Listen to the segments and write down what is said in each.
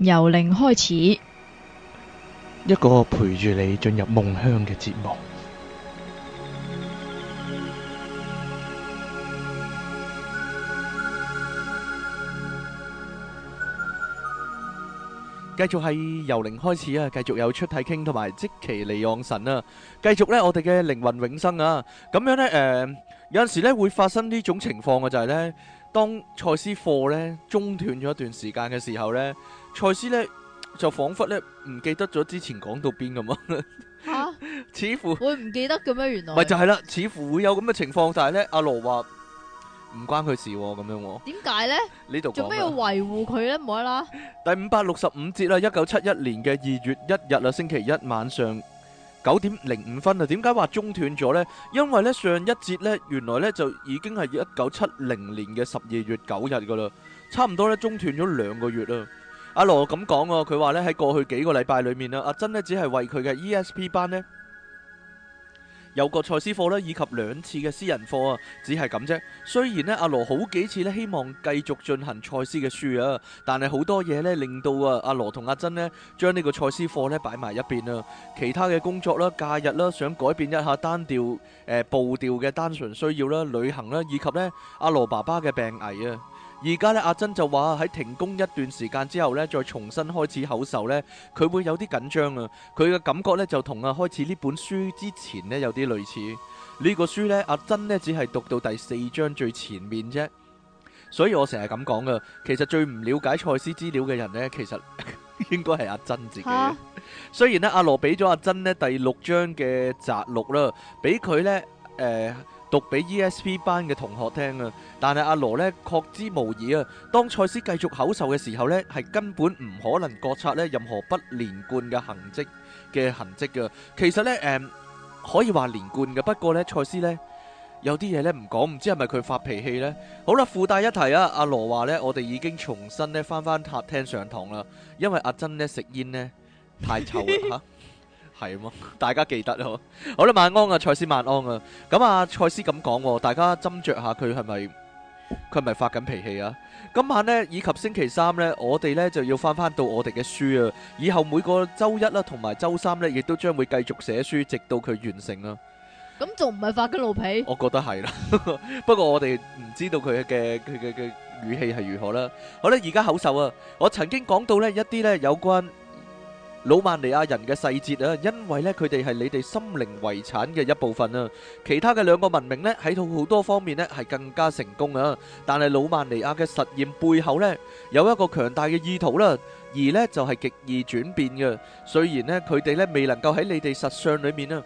由零開始，一個陪住你進入夢鄉嘅節目。繼續係由零開始啊！繼續有出體傾同埋即其利昂神啊！繼續呢，我哋嘅靈魂永生啊！咁樣呢，誒，有陣時呢，會發生呢種情況嘅就係呢。當賽斯課咧中斷咗一段時間嘅時候咧，賽斯咧就仿佛咧唔記得咗之前講到邊咁啊吓，似乎會唔記得嘅咩？原來唔就係啦，似乎會有咁嘅情況，但係咧阿羅話唔關佢事咁樣，點解咧？呢度做咩要維護佢咧？冇啦啦，第五百六十五節啦，一九七一年嘅二月一日啦，星期一晚上。九點零五分啊！點解話中斷咗呢？因為呢，上一節呢，原來呢，就已經係一九七零年嘅十二月九日噶啦，差唔多呢，中斷咗兩個月啦。阿羅咁講喎，佢話呢，喺過去幾個禮拜裡面啦，阿珍呢，只係為佢嘅 E S P 班呢，有個賽斯課咧，以及兩次嘅私人課啊，只係咁啫。雖然呢，阿羅好幾次呢，希望繼續進行賽斯嘅書啊，但係好多嘢呢令到啊阿羅同阿珍呢將呢個賽斯課呢擺埋一邊啊。其他嘅工作啦、假日啦，想改變一下單調誒、呃、步調嘅單純需要啦、旅行啦，以及呢，阿羅爸爸嘅病危啊。而家咧，阿珍就話喺停工一段時間之後呢，再重新開始口授呢，佢會有啲緊張啊。佢嘅感覺呢，就同啊開始呢本書之前呢有啲類似。呢、這個書呢，阿珍呢，只係讀到第四章最前面啫。所以我成日咁講噶，其實最唔了解賽斯資料嘅人呢，其實 應該係阿珍自己。 雖然呢，阿羅俾咗阿珍呢第六章嘅摘錄啦，俾佢呢。誒、呃。讀俾 E.S.P 班嘅同學聽啊，但係阿羅呢確知無疑啊，當賽斯繼續口授嘅時候呢，係根本唔可能覺察呢任何不連貫嘅痕跡嘅痕跡噶。其實呢，誒、嗯、可以話連貫嘅，不過呢，賽斯呢有啲嘢呢唔講，唔知係咪佢發脾氣呢？好啦，附帶一提啊，阿羅話呢，我哋已經重新呢翻翻客廳上堂啦，因為阿珍呢食煙呢太臭啦。 係啊，大家記得咯。好啦，晚安啊，賽斯晚安啊。咁啊，賽斯咁講，大家斟酌下佢係咪佢係咪發緊脾氣啊？今晚咧以及星期三咧，我哋咧就要返返到我哋嘅書啊。以後每個周一啦同埋周三咧，亦都將會繼續寫書，直到佢完成啦。咁仲唔係發緊老脾？我覺得係啦，不過我哋唔知道佢嘅佢嘅嘅語氣係如何啦。好啦，而家口授啊，我曾經講到咧一啲咧有關。老曼尼亞人嘅細節啊，因為咧佢哋係你哋心靈遺產嘅一部分啊。其他嘅兩個文明咧喺好多方面咧係更加成功啊。但係老曼尼亞嘅實驗背後咧有一個強大嘅意圖啦，而咧就係極易轉變嘅。雖然咧佢哋咧未能夠喺你哋實相裏面啊，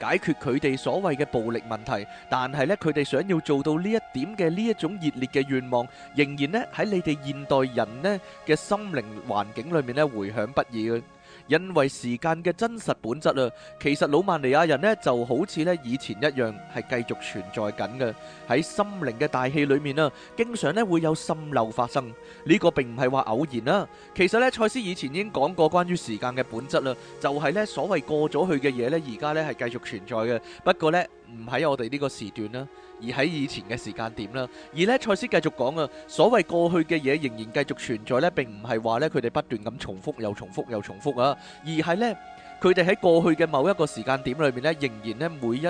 解決佢哋所謂嘅暴力問題，但係呢，佢哋想要做到呢一點嘅呢一種熱烈嘅願望，仍然呢喺你哋現代人呢嘅心靈環境裏面呢迴響不已。因為時間嘅真實本質啊，其實老曼尼亞人咧就好似咧以前一樣，係繼續存在緊嘅。喺心靈嘅大氣裏面啊，經常咧會有滲漏發生。呢、這個並唔係話偶然啦，其實咧賽斯以前已經講過關於時間嘅本質啦，就係、是、咧所謂過咗去嘅嘢咧，而家咧係繼續存在嘅。不過呢唔喺我哋呢個時段啦。而喺以前嘅時間點啦，而呢賽斯繼續講啊，所謂過去嘅嘢仍然繼續存在呢，並唔係話呢佢哋不斷咁重複又重複又重複啊，而係呢佢哋喺過去嘅某一個時間點裏面呢，仍然呢每一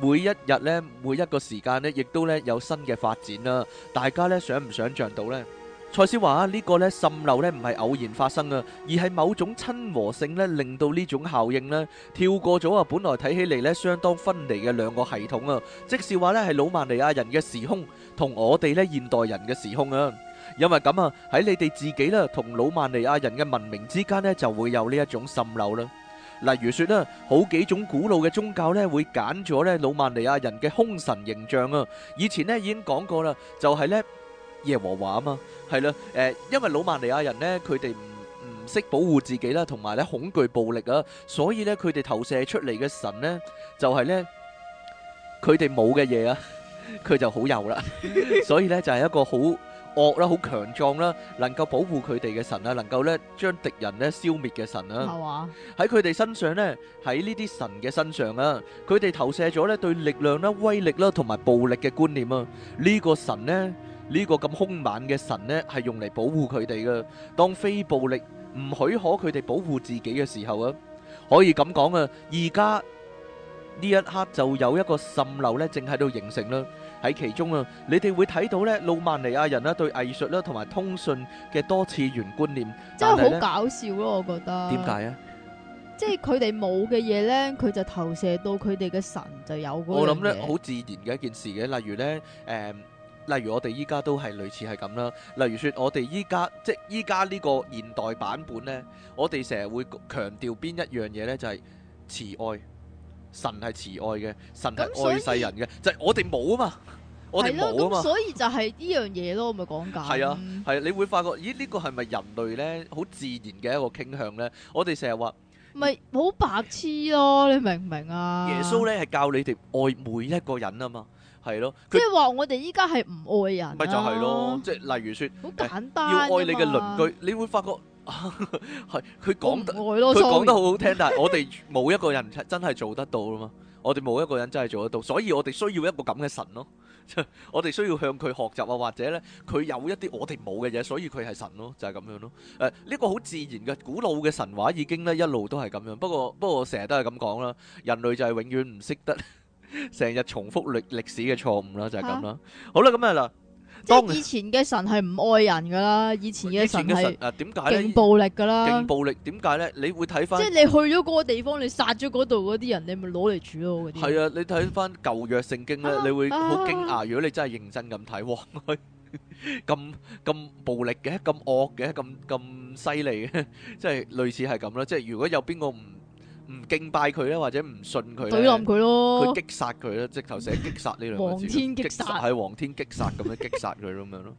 每一日呢每一個時間呢，亦都呢有新嘅發展啦。大家呢想唔想像到呢？賽斯話啊，呢個咧滲漏咧唔係偶然發生啊，而係某種親和性咧令到呢種效應咧跳過咗啊。本來睇起嚟咧相當分離嘅兩個系統啊，即是話咧係魯曼尼亞人嘅時空同我哋咧現代人嘅時空啊。因為咁啊，喺你哋自己啦同魯曼尼亞人嘅文明之間咧就會有呢一種滲漏啦。例如說咧，好幾種古老嘅宗教咧會揀咗咧魯曼尼亞人嘅空神形象啊。以前咧已經講過啦，就係咧。耶和華吖嘛，係啦，誒，因為魯曼尼亞人咧，佢哋唔唔識保護自己啦，同埋咧恐懼暴力啊，所以咧佢哋投射出嚟嘅神咧，就係咧佢哋冇嘅嘢啊，佢就好有啦，所以咧就係一個好惡啦，好強壯啦，能夠保護佢哋嘅神啊，能夠咧將敵人咧消滅嘅神啊，係啊，喺佢哋身上咧，喺呢啲神嘅身上啊，佢哋投射咗咧對力量啦、威力啦同埋暴力嘅觀念啊，呢個神咧。呢個咁兇猛嘅神咧，係用嚟保護佢哋噶。當非暴力唔許可佢哋保護自己嘅時候啊，可以咁講啊。而家呢一刻就有一個滲漏咧，正喺度形成啦。喺其中啊，你哋會睇到咧，路曼尼亞人啦，對藝術啦，同埋通訊嘅多次元觀念，真係好搞笑咯！我覺得點解啊？即係佢哋冇嘅嘢咧，佢就投射到佢哋嘅神就有嗰樣嘢。我諗咧，好自然嘅一件事嘅。例如咧，誒。例如我哋依家都係類似係咁啦，例如說我哋依家即係依家呢個現代版本咧，我哋成日會強調邊一樣嘢咧，就係、是、慈愛。神係慈愛嘅，神係愛世人嘅，就係我哋冇啊嘛，啊 我哋冇啊嘛，所以就係呢樣嘢咯，咪講解。係啊，係、啊，你會發覺咦呢、這個係咪人類咧好自然嘅一個傾向咧？我哋成日話咪好白痴咯、啊，你明唔明啊？耶穌咧係教你哋愛每一個人啊嘛。係咯，即係話我哋依家係唔愛人、啊，咪就係咯，即係例如說，好簡單、哎，要愛你嘅鄰居，啊、你會發覺係佢講，佢、啊、講 得好好聽， 但係我哋冇一個人真係做得到啊嘛，我哋冇一個人真係做得到，所以我哋需要一個咁嘅神咯， 我哋需要向佢學習啊，或者咧佢有一啲我哋冇嘅嘢，所以佢係神咯，就係、是、咁樣咯。誒、哎，呢、這個好自然嘅古老嘅神話已經咧一路都係咁樣，不過不過我成日都係咁講啦，人類就係永遠唔識得。 成日重複歷歷史嘅錯誤啦，就係咁啦。好啦，咁啊嗱，即係以前嘅神係唔愛人噶啦，以前嘅神係啊點解？勁暴力噶啦，勁暴力點解咧？你會睇翻，即係你去咗嗰個地方，你殺咗嗰度嗰啲人，你咪攞嚟煮咯。係啊，你睇翻舊約聖經咧，你會好驚訝。如果你真係認真咁睇，哇，咁咁暴力嘅，咁惡嘅，咁咁犀利嘅，即係類似係咁啦。即係如果有邊個唔。唔敬拜佢咧，或者唔信佢，懟冧佢咯。佢擊殺佢咧，直頭寫擊殺呢兩個字。黃天擊殺，係黃天擊殺咁樣擊殺佢咁樣咯。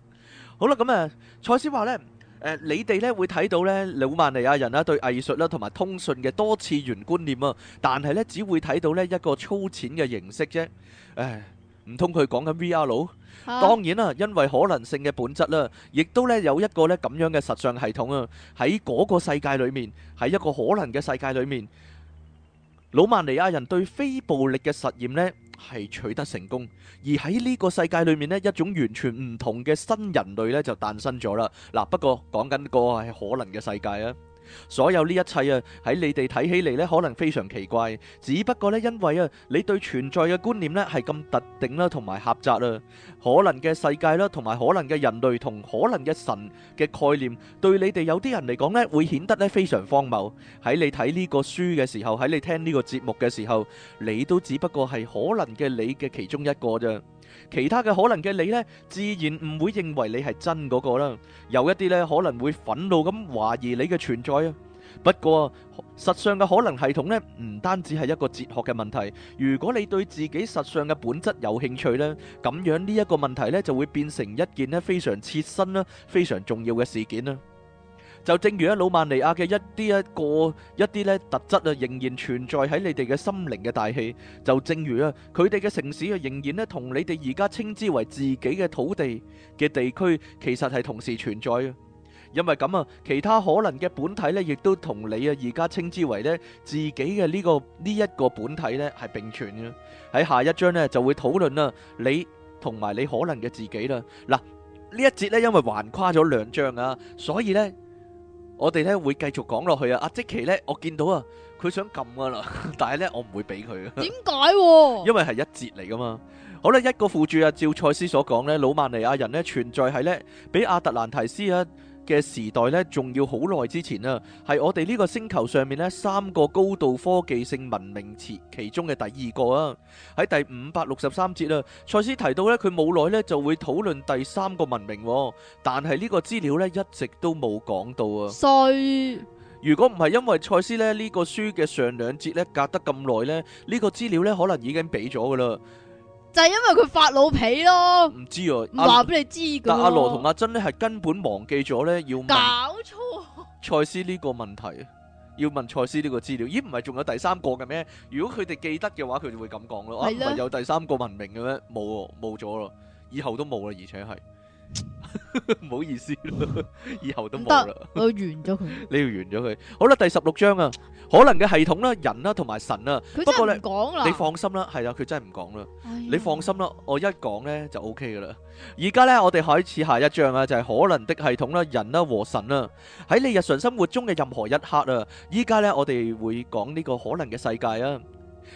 好啦，咁啊，賽斯話咧，誒，你哋咧，會睇到咧，魯曼尼亞人啦，對藝術啦，同埋通訊嘅多次元觀念啊，但係咧只會睇到咧一個粗淺嘅形式啫。誒，唔通佢講緊 V R？當然啦，因為可能性嘅本質啦，亦都咧有一個咧咁樣嘅實像系統啊，喺嗰個世界裏面，喺一個可能嘅世界裏面。老曼尼亞人對非暴力嘅實驗咧係取得成功，而喺呢個世界裏面咧，一種完全唔同嘅新人類咧就誕生咗啦。嗱，不過講緊個係可能嘅世界啊。所有呢一切啊，喺你哋睇起嚟呢，可能非常奇怪。只不過呢，因為啊，你對存在嘅觀念呢，係咁特定啦，同埋狹窄啦，可能嘅世界啦，同埋可能嘅人類同可能嘅神嘅概念，對你哋有啲人嚟講呢，會顯得呢非常荒謬。喺你睇呢個書嘅時候，喺你聽呢個節目嘅時候，你都只不過係可能嘅你嘅其中一個啫。其他嘅可能嘅你呢，自然唔會認為你係真嗰個啦。有一啲呢可能會憤怒咁懷疑你嘅存在啊。不過，實相嘅可能系統呢，唔單止係一個哲學嘅問題。如果你對自己實相嘅本質有興趣呢，咁樣呢一個問題呢，就會變成一件呢非常切身啦、非常重要嘅事件啦。就正如啊，老曼尼亞嘅一啲一個一啲，咧特質啊，仍然存在喺你哋嘅心靈嘅大氣。就正如啊，佢哋嘅城市啊，仍然咧同你哋而家稱之為自己嘅土地嘅地區，其實係同時存在嘅。因為咁啊，其他可能嘅本體咧，亦都同你啊而家稱之為咧自己嘅呢個呢一個本體咧係並存嘅。喺下一章咧就會討論啦，你同埋你可能嘅自己啦。嗱，呢一節咧，因為橫跨咗兩章啊，所以咧。我哋咧會繼續講落去啊！阿即奇咧，我見到啊，佢想撳噶啦，但係咧我唔會俾佢。啊。點解？因為係一節嚟噶嘛。好啦，一個附注啊，照賽斯所講咧，魯曼尼亞人咧存在係咧，比阿特蘭提斯啊嘅時代咧，仲要好耐之前啊，係我哋呢個星球上面呢三個高度科技性文明詞其中嘅第二個啊，喺第五百六十三節啊，賽斯提到呢，佢冇耐呢就會討論第三個文明，但係呢個資料呢一直都冇講到啊。所以如果唔係因為賽斯咧呢個書嘅上兩節呢隔得咁耐呢，呢、呢個資料呢可能已經俾咗噶啦。就係因為佢發老脾咯，唔知啊，唔話俾你知噶。但阿羅同阿珍咧係根本忘記咗咧要搞錯錯賽斯呢個問題，要問賽斯呢個資料。咦，唔係仲有第三個嘅咩？如果佢哋記得嘅話，佢哋會咁講咯。啊，的唔係有第三個文明嘅咩？冇，冇咗咯，以後都冇啦，而且係。唔 好意思，以後都冇啦，我要完咗佢， 你要完咗佢好啦。第十六章啊，可能嘅系統啦、啊，人啦、啊，同埋神啦、啊。佢真係唔講啦，你，了你放心啦，係啊，佢真係唔講啦，哎、呀你放心啦。我一講呢就 O K 噶啦。而家呢，我哋開始下一章啊，就係、是、可能的系統啦、啊，人啦、啊、和神啦、啊。喺你日常生活中嘅任何一刻啊，依家呢，我哋會講呢個可能嘅世界啊。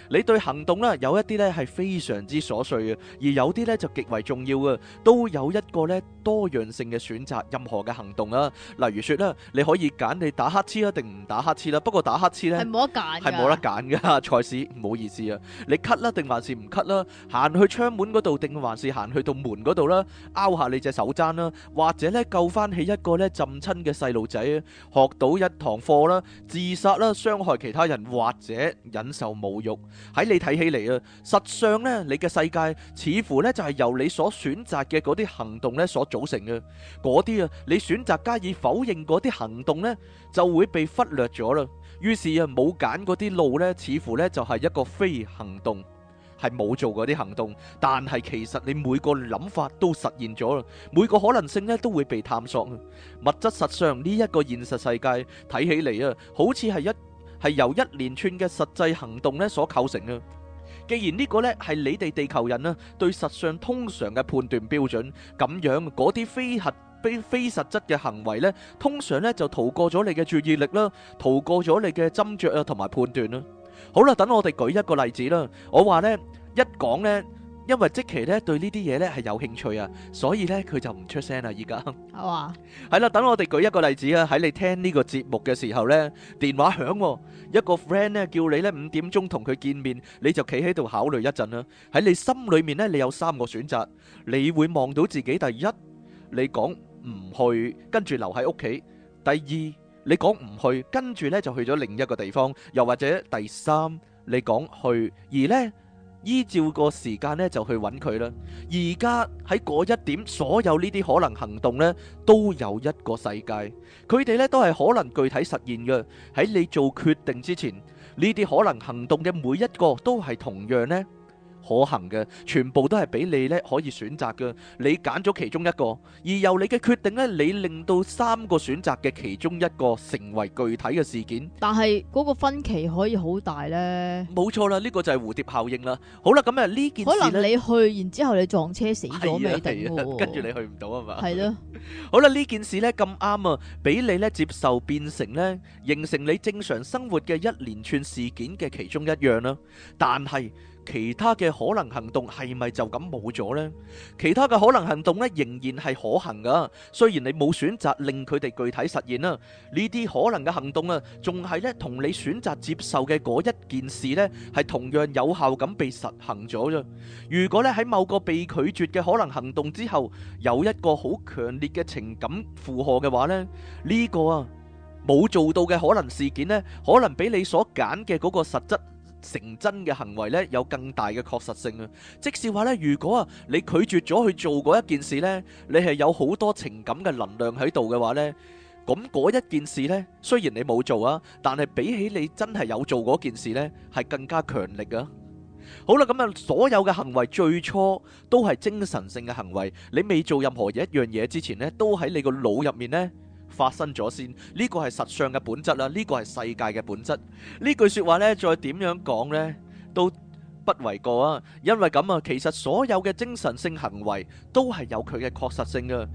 你對行動啦，有一啲咧係非常之瑣碎嘅，而有啲咧就極為重要嘅，都有一個咧多樣性嘅選擇。任何嘅行動啦，例如說啦，你可以揀你打乞嗤啊，定唔打乞嗤啦。不過打乞嗤咧係冇得揀，係冇得揀噶賽事，唔好意思啊。你咳啦，定還是唔咳啦？行去窗門嗰度，定還是行去到門嗰度啦？拗下你隻手踭啦，或者咧救翻起一個咧浸親嘅細路仔啊，學到一堂課啦，自殺啦，傷害其他人或者忍受侮辱。喺你睇起嚟啊，實上呢，你嘅世界似乎呢，就係由你所選擇嘅嗰啲行動呢所組成嘅。嗰啲啊，你選擇加以否認嗰啲行動呢，就會被忽略咗啦。於是啊，冇揀嗰啲路呢，似乎呢，就係一個非行動，係冇做嗰啲行動。但係其實你每個諗法都實現咗啦，每個可能性呢都會被探索。物質實上呢一個現實世界睇起嚟啊，好似係一係由一連串嘅實際行動咧所構成嘅。既然呢個咧係你哋地球人啦，對實上通常嘅判斷標準咁樣，嗰啲非核非非實質嘅行為咧，通常咧就逃過咗你嘅注意力啦，逃過咗你嘅斟酌啊同埋判斷啦。好啦，等我哋舉一個例子啦。我話咧，一講咧。因為即期咧對呢啲嘢咧係有興趣啊，所以咧佢就唔出聲啦，而家。好啊！係啦，等我哋舉一個例子啊，喺你聽呢個節目嘅時候咧，電話響，一個 friend 咧叫你咧五點鐘同佢見面，你就企喺度考慮一陣啦。喺你心裏面咧，你有三個選擇，你會望到自己：第一，你講唔去，跟住留喺屋企；第二，你講唔去，跟住咧就去咗另一個地方；又或者第三，你講去，而咧。依照個時間呢就去揾佢啦。而家喺嗰一點，所有呢啲可能行動呢，都有一個世界。佢哋呢都係可能具體實現嘅。喺你做決定之前，呢啲可能行動嘅每一個都係同樣呢。可行嘅，全部都係俾你咧可以選擇嘅。你揀咗其中一個，而由你嘅決定咧，你令到三個選擇嘅其中一個成為具體嘅事件。但係嗰個分歧可以好大咧。冇錯啦，呢、這個就係蝴蝶效應啦。好啦，咁啊呢件事呢，可能你去，然之後你撞車死咗咪得噶喎？跟住你去唔到啊嘛。係咯、哎呀。 好啦，呢件事咧咁啱啊，俾你咧接受變成咧，形成你正常生活嘅一連串事件嘅其中一樣啦。但係。其他嘅可能行動係咪就咁冇咗咧？其他嘅可能行動咧仍然係可行噶，雖然你冇選擇令佢哋具體實現啊，呢啲可能嘅行動啊，仲係咧同你選擇接受嘅嗰一件事咧係同樣有效咁被實行咗啫。如果咧喺某個被拒絕嘅可能行動之後有一個好強烈嘅情感負荷嘅話咧，呢個啊冇做到嘅可能事件咧，可能比你所揀嘅嗰個實質。成真嘅行為咧有更大嘅確實性啊！即是話咧，如果啊你拒絕咗去做嗰一件事咧，你係有好多情感嘅能量喺度嘅話咧，咁嗰一件事咧，雖然你冇做啊，但係比起你真係有做嗰件事咧，係更加強力噶。好啦，咁啊，所有嘅行為最初都係精神性嘅行為，你未做任何一樣嘢之前咧，都喺你個腦入面咧。發生咗先，呢個係實相嘅本質啦，呢個係世界嘅本質。呢句說話呢，再點樣講呢，都不為過啊！因為咁啊，其實所有嘅精神性行為都係有佢嘅確實性噶，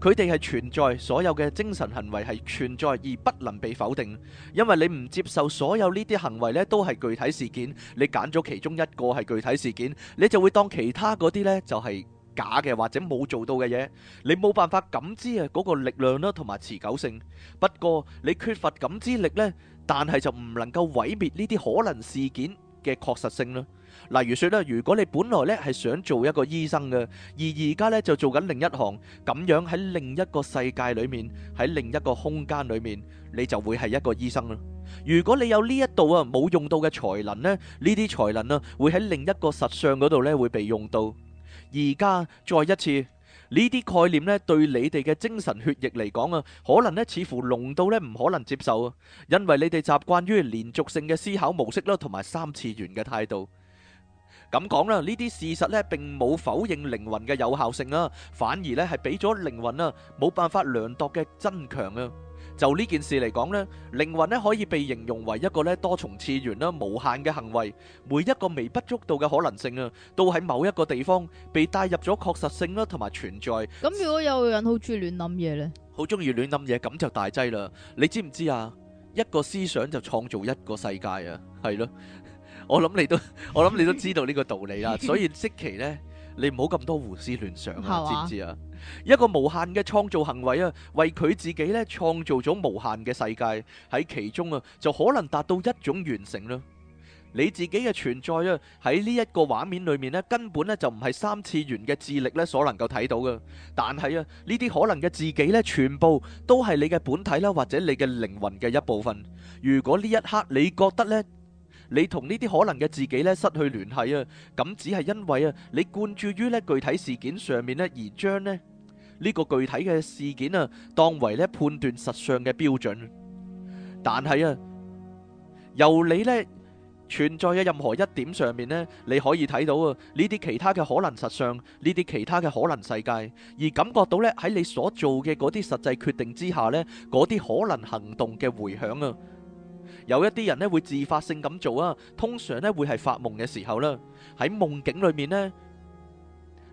佢哋係存在，所有嘅精神行為係存在而不能被否定。因為你唔接受所有呢啲行為呢都係具體事件，你揀咗其中一個係具體事件，你就會當其他嗰啲呢就係。假嘅或者冇做到嘅嘢，你冇辦法感知啊嗰個力量啦，同埋持久性。不過你缺乏感知力咧，但係就唔能夠毀滅呢啲可能事件嘅確實性啦。例如說咧，如果你本來咧係想做一個醫生嘅，而而家咧就做緊另一行，咁樣喺另一個世界裏面，喺另一個空間裏面，你就會係一個醫生啦。如果你有呢一度啊冇用到嘅才能咧，呢啲才能啊會喺另一個實相嗰度咧會被用到。而家再一次，呢啲概念咧，對你哋嘅精神血液嚟講啊，可能咧似乎濃到咧唔可能接受啊，因為你哋習慣於連續性嘅思考模式啦，同埋三次元嘅態度。咁講啦，呢啲事實咧，並冇否認靈魂嘅有效性啊，反而咧係俾咗靈魂啊，冇辦法量度嘅增強啊。就呢件事嚟講咧，靈魂咧可以被形容為一個咧多重次元啦，無限嘅行為，每一個微不足道嘅可能性啊，都喺某一個地方被帶入咗確實性啦，同埋存在。咁如果有人好中意亂諗嘢咧，好中意亂諗嘢，咁就大劑啦。你知唔知啊？一個思想就創造一個世界啊，係咯。我諗你都我諗你都知道呢個道理啦。所以，即期咧。你唔好咁多胡思亂想啊，知唔知啊？一個無限嘅創造行為啊，為佢自己咧創造咗無限嘅世界，喺其中啊就可能達到一種完成啦。你自己嘅存在啊，喺呢一個畫面裏面咧，根本咧就唔係三次元嘅智力咧所能夠睇到嘅。但係啊，呢啲可能嘅自己咧，全部都係你嘅本體啦，或者你嘅靈魂嘅一部分。如果呢一刻你覺得咧？你同呢啲可能嘅自己咧失去聯繫啊，咁只係因為啊，你灌注於呢具體事件上面咧，而將咧呢個具體嘅事件啊，當為咧判斷實相嘅標準。但係啊，由你咧存在嘅任何一點上面咧，你可以睇到啊呢啲其他嘅可能實相，呢啲其他嘅可能世界，而感覺到咧喺你所做嘅嗰啲實際決定之下咧，嗰啲可能行動嘅回響啊。有一啲人呢會自發性咁做啊，通常呢會係發夢嘅時候啦，喺夢境裏面呢，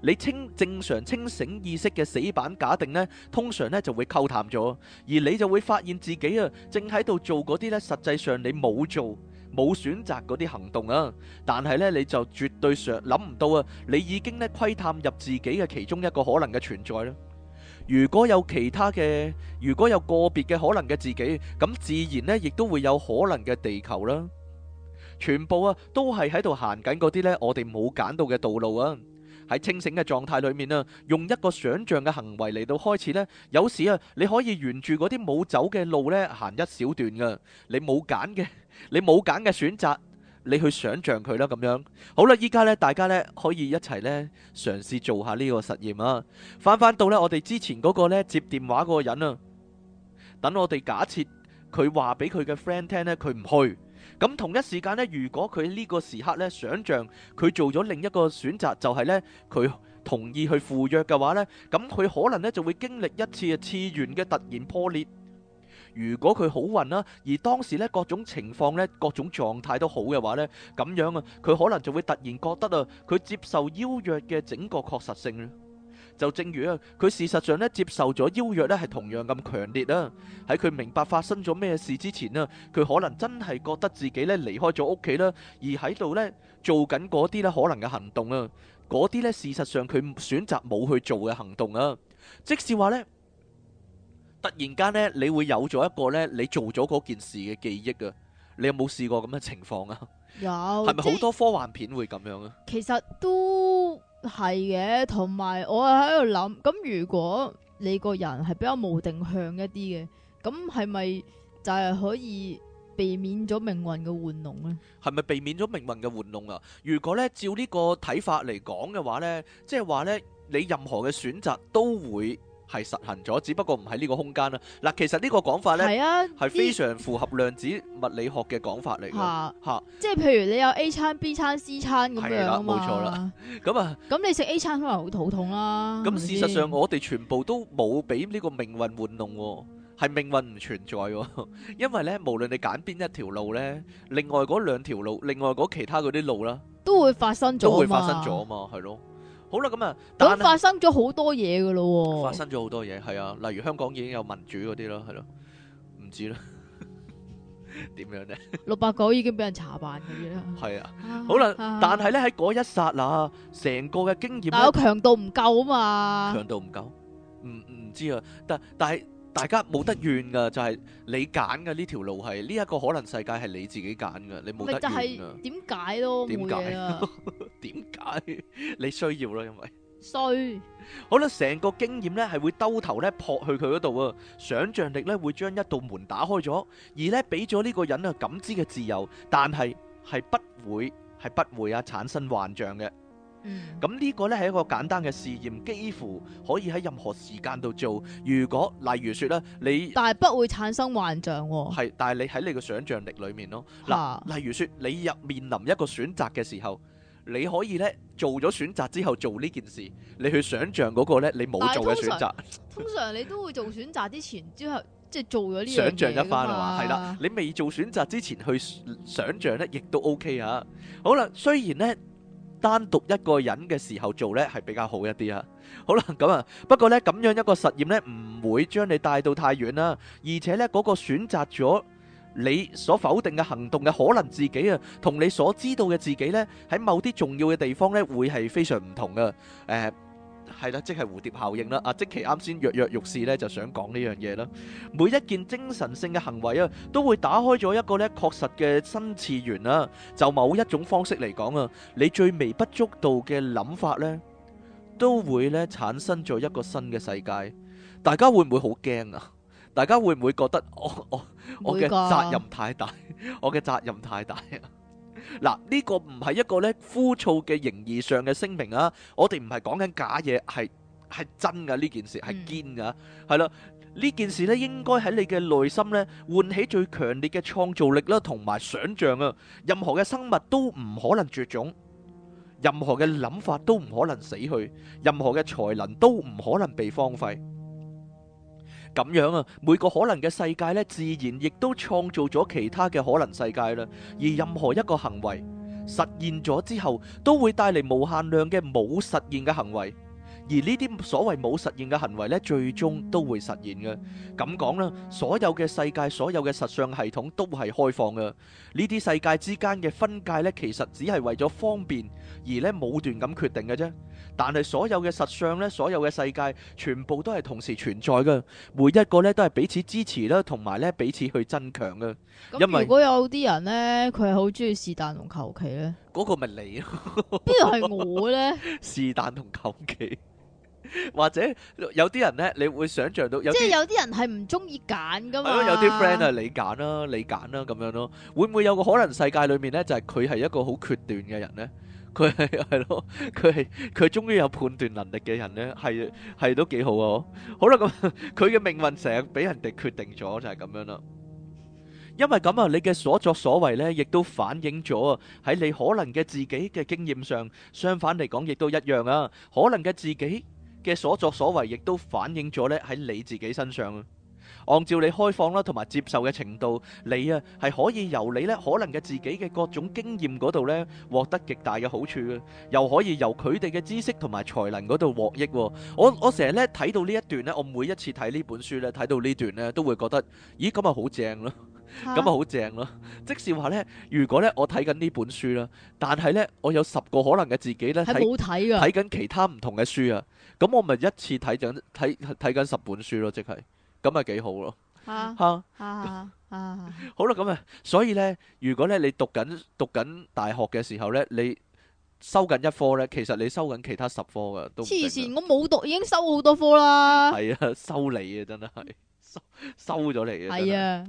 你清正常清醒意識嘅死板假定呢，通常呢就會溝淡咗，而你就會發現自己啊，正喺度做嗰啲呢，實際上你冇做冇選擇嗰啲行動啊，但係呢你就絕對想諗唔到啊，你已經呢窺探入自己嘅其中一個可能嘅存在啦。如果有其他嘅，如果有個別嘅可能嘅自己，咁自然呢，亦都會有可能嘅地球啦。全部啊，都係喺度行緊嗰啲呢，我哋冇揀到嘅道路啊。喺清醒嘅狀態裏面啊，用一個想象嘅行為嚟到開始呢，有時啊，你可以沿住嗰啲冇走嘅路呢行一小段噶。你冇揀嘅，你冇揀嘅選擇。你去想象佢啦，咁樣好啦，依家呢，大家呢，可以一齊呢，嘗試做下呢個實驗啊！翻翻到呢，我哋之前嗰個呢，接電話嗰個人啊，等我哋假設佢話俾佢嘅 friend 聽呢，佢唔去。咁同一時間呢，如果佢呢個時刻呢，想象佢做咗另一個選擇，就係呢，佢同意去赴約嘅話呢，咁佢可能呢，就會經歷一次次元嘅突然破裂。如果佢好運啦，而當時呢，各種情況呢，各種狀態都好嘅話呢，咁樣啊，佢可能就會突然覺得啊，佢接受邀約嘅整個確實性啊。就正如啊，佢事實上呢，接受咗邀約呢，係同樣咁強烈啊。喺佢明白發生咗咩事之前啊，佢可能真係覺得自己呢，離開咗屋企啦，而喺度呢，做緊嗰啲呢，可能嘅行動啊。嗰啲呢，事實上佢選擇冇去做嘅行動啊，即使話呢。突然間咧，你會有咗一個咧，你做咗嗰件事嘅記憶啊！你有冇試過咁嘅情況啊？ 有，係咪好多科幻片即會咁樣咧？其實都係嘅，同埋我係喺度諗，咁如果你個人係比較無定向一啲嘅，咁係咪就係可以避免咗命運嘅玩弄咧？係咪避免咗命運嘅玩弄啊？如果咧照呢個睇法嚟講嘅話咧，即係話咧，你任何嘅選擇都會。係實行咗，只不過唔喺呢個空間啦。嗱，其實個呢個講法咧係啊，係非常符合量子物理學嘅講法嚟㗎。嚇、啊，啊、即係譬如你有 A 餐、B 餐、C 餐咁樣係啦，冇錯啦。咁啊，咁你食 A 餐可能會肚痛啦。咁事實上，我哋全部都冇俾呢個命運玩弄喎、啊，係命運唔存在喎、啊。因為咧，無論你揀邊一條路咧，另外嗰兩條路，另外嗰其他嗰啲路啦，都會發生咗，都會發生咗啊嘛，係咯。好啦，咁啊，咁發生咗好多嘢噶咯喎！發生咗好多嘢，係啊，例如香港已經有民主嗰啲咯，係咯，唔知啦，點樣咧？六百九已經俾人查辦嘅啦，係啊，好啦，但係咧喺嗰一剎那，成個嘅經驗嗱，個強度唔夠啊嘛，強度唔夠，唔唔知啊，但但係。大家冇得怨噶，就係你揀嘅呢條路係呢一個可能世界係你自己揀噶，你冇得怨啊！點解咯？點解啊？點解你需要咯？因為衰，好啦，成個經驗咧係會兜頭咧撲去佢嗰度啊！想像力咧會將一道門打開咗，而咧俾咗呢個人啊感知嘅自由，但係係不會係不會啊產生幻象嘅。嗯，咁呢個呢係一個簡單嘅試驗，幾乎可以喺任何時間度做。如果例如說呢，你但係不會產生幻象。哦，係，但係你喺你嘅想象力裏面咯。嗱，例如說你入面臨一個選擇嘅時候，你可以呢做咗選擇之後做呢件事，你去想象嗰個呢，你冇做嘅選擇。 通常你都會做選擇之前之後，即、就、係、是、做咗呢想象一番係嘛？係啦、啊，你未做選擇之前去想象呢，亦都 OK 啊。好啦，雖然呢。單獨一個人嘅時候做呢係比較好一啲啊！好啦，咁啊，不過呢，咁樣一個實驗呢唔會將你帶到太遠啦。而且呢，嗰個選擇咗你所否定嘅行動嘅可能自己啊，同你所知道嘅自己呢，喺某啲重要嘅地方呢會係非常唔同嘅誒。呃係啦，即係蝴蝶效應啦。啊，即其啱先躍躍欲試咧，就想講呢樣嘢啦。每一件精神性嘅行為啊，都會打開咗一個咧確實嘅新次元啊。就某一種方式嚟講啊，你最微不足道嘅諗法咧，都會咧產生咗一個新嘅世界。大家會唔會好驚啊？大家會唔會覺得我我我嘅責任太大？我嘅責任太大啊？嗱，呢個唔係一個咧枯燥嘅形而上嘅聲明啊，我哋唔係講緊假嘢，係係真㗎。呢件事係堅㗎，係啦，呢件事咧應該喺你嘅內心咧，喚起最強烈嘅創造力啦，同埋想像啊，任何嘅生物都唔可能絕種，任何嘅諗法都唔可能死去，任何嘅才能都唔可能被荒廢。咁樣啊，每個可能嘅世界咧，自然亦都創造咗其他嘅可能世界啦。而任何一個行為實現咗之後，都會帶嚟無限量嘅冇實現嘅行為。而呢啲所謂冇實現嘅行為咧，最終都會實現嘅。咁講啦，所有嘅世界，所有嘅實相系統都係開放嘅。呢啲世界之間嘅分界咧，其實只係為咗方便而咧武斷咁決定嘅啫。但係所有嘅實相咧，所有嘅世界全部都係同時存在嘅，每一個咧都係彼此支持啦，同埋咧彼此去增強嘅。咁那 為如果有啲人咧，佢係好中意是但同求其咧，嗰個咪你咯？ 邊係我咧？是但同求其，或者有啲人咧，你會想象到有即係有啲人係唔中意揀噶嘛？有啲 friend 係你揀啦，你揀啦咁樣咯。會唔會有個可能世界裏面咧，就係佢係一個好決斷嘅人咧？佢係係咯，佢係佢終於有判斷能力嘅人呢，係係都幾好啊！好啦，咁佢嘅命運成日俾人哋決定咗就係咁樣啦。因為咁啊，你嘅所作所為呢，亦都反映咗喺你可能嘅自己嘅經驗上。相反嚟講，亦都一樣啊。可能嘅自己嘅所作所為，亦都反映咗呢喺你自己身上。按照你開放啦，同埋接受嘅程度，你啊係可以由你咧可能嘅自己嘅各種經驗嗰度咧獲得極大嘅好處嘅，又可以由佢哋嘅知識同埋才能嗰度獲益。我我成日咧睇到呢一段咧，我每一次睇呢本書咧睇到呢段咧，都會覺得，咦咁啊好正咯，咁啊好正咯。即係話咧，如果咧我睇緊呢本書啦，但係咧我有十個可能嘅自己咧睇睇緊其他唔同嘅書啊，咁我咪一次睇緊睇睇緊十本書咯，即係。咁咪幾好咯，嚇嚇嚇！好啦，咁啊，所以咧，如果咧你讀緊讀緊大學嘅時候咧，你收緊一科咧，其實你收緊其他十科噶。黐線！我冇讀，已經收好多科啦。係 啊，收你啊，收收咗你啊 啊，真係收收咗你啊。係啊，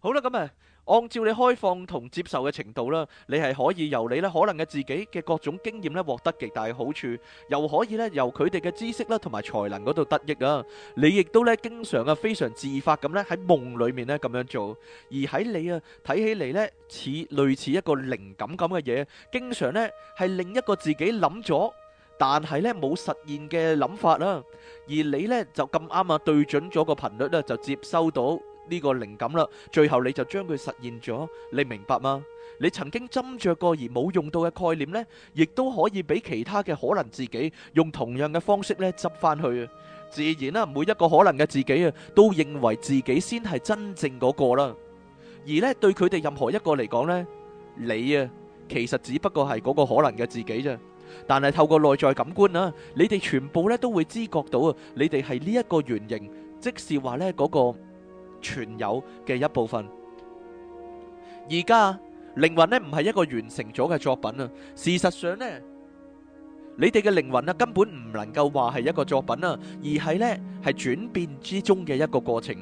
好啦，咁啊。按照你開放同接受嘅程度啦，你係可以由你呢可能嘅自己嘅各種經驗呢獲得極大嘅好處，又可以呢由佢哋嘅知識啦同埋才能嗰度得益啊！你亦都呢經常啊非常自發咁呢喺夢裏面呢咁樣做，而喺你啊睇起嚟呢似類似一個靈感咁嘅嘢，經常呢係另一個自己諗咗，但係呢冇實現嘅諗法啦，而你呢就咁啱啊對準咗個頻率呢就接收到。呢個靈感啦，最後你就將佢實現咗，你明白嗎？你曾經斟酌過而冇用到嘅概念咧，亦都可以俾其他嘅可能自己用同樣嘅方式咧執翻去。自然啦，每一個可能嘅自己啊，都認為自己先係真正嗰個啦。而咧對佢哋任何一個嚟講咧，你啊其實只不過係嗰個可能嘅自己啫。但係透過內在感官啊，你哋全部咧都會知覺到啊，你哋係呢一個原型，即是話咧嗰個。全有嘅一部分。而家靈魂咧唔係一個完成咗嘅作品啊。事實上咧，你哋嘅靈魂啊根本唔能夠話係一個作品啊，而係咧係轉變之中嘅一個過程。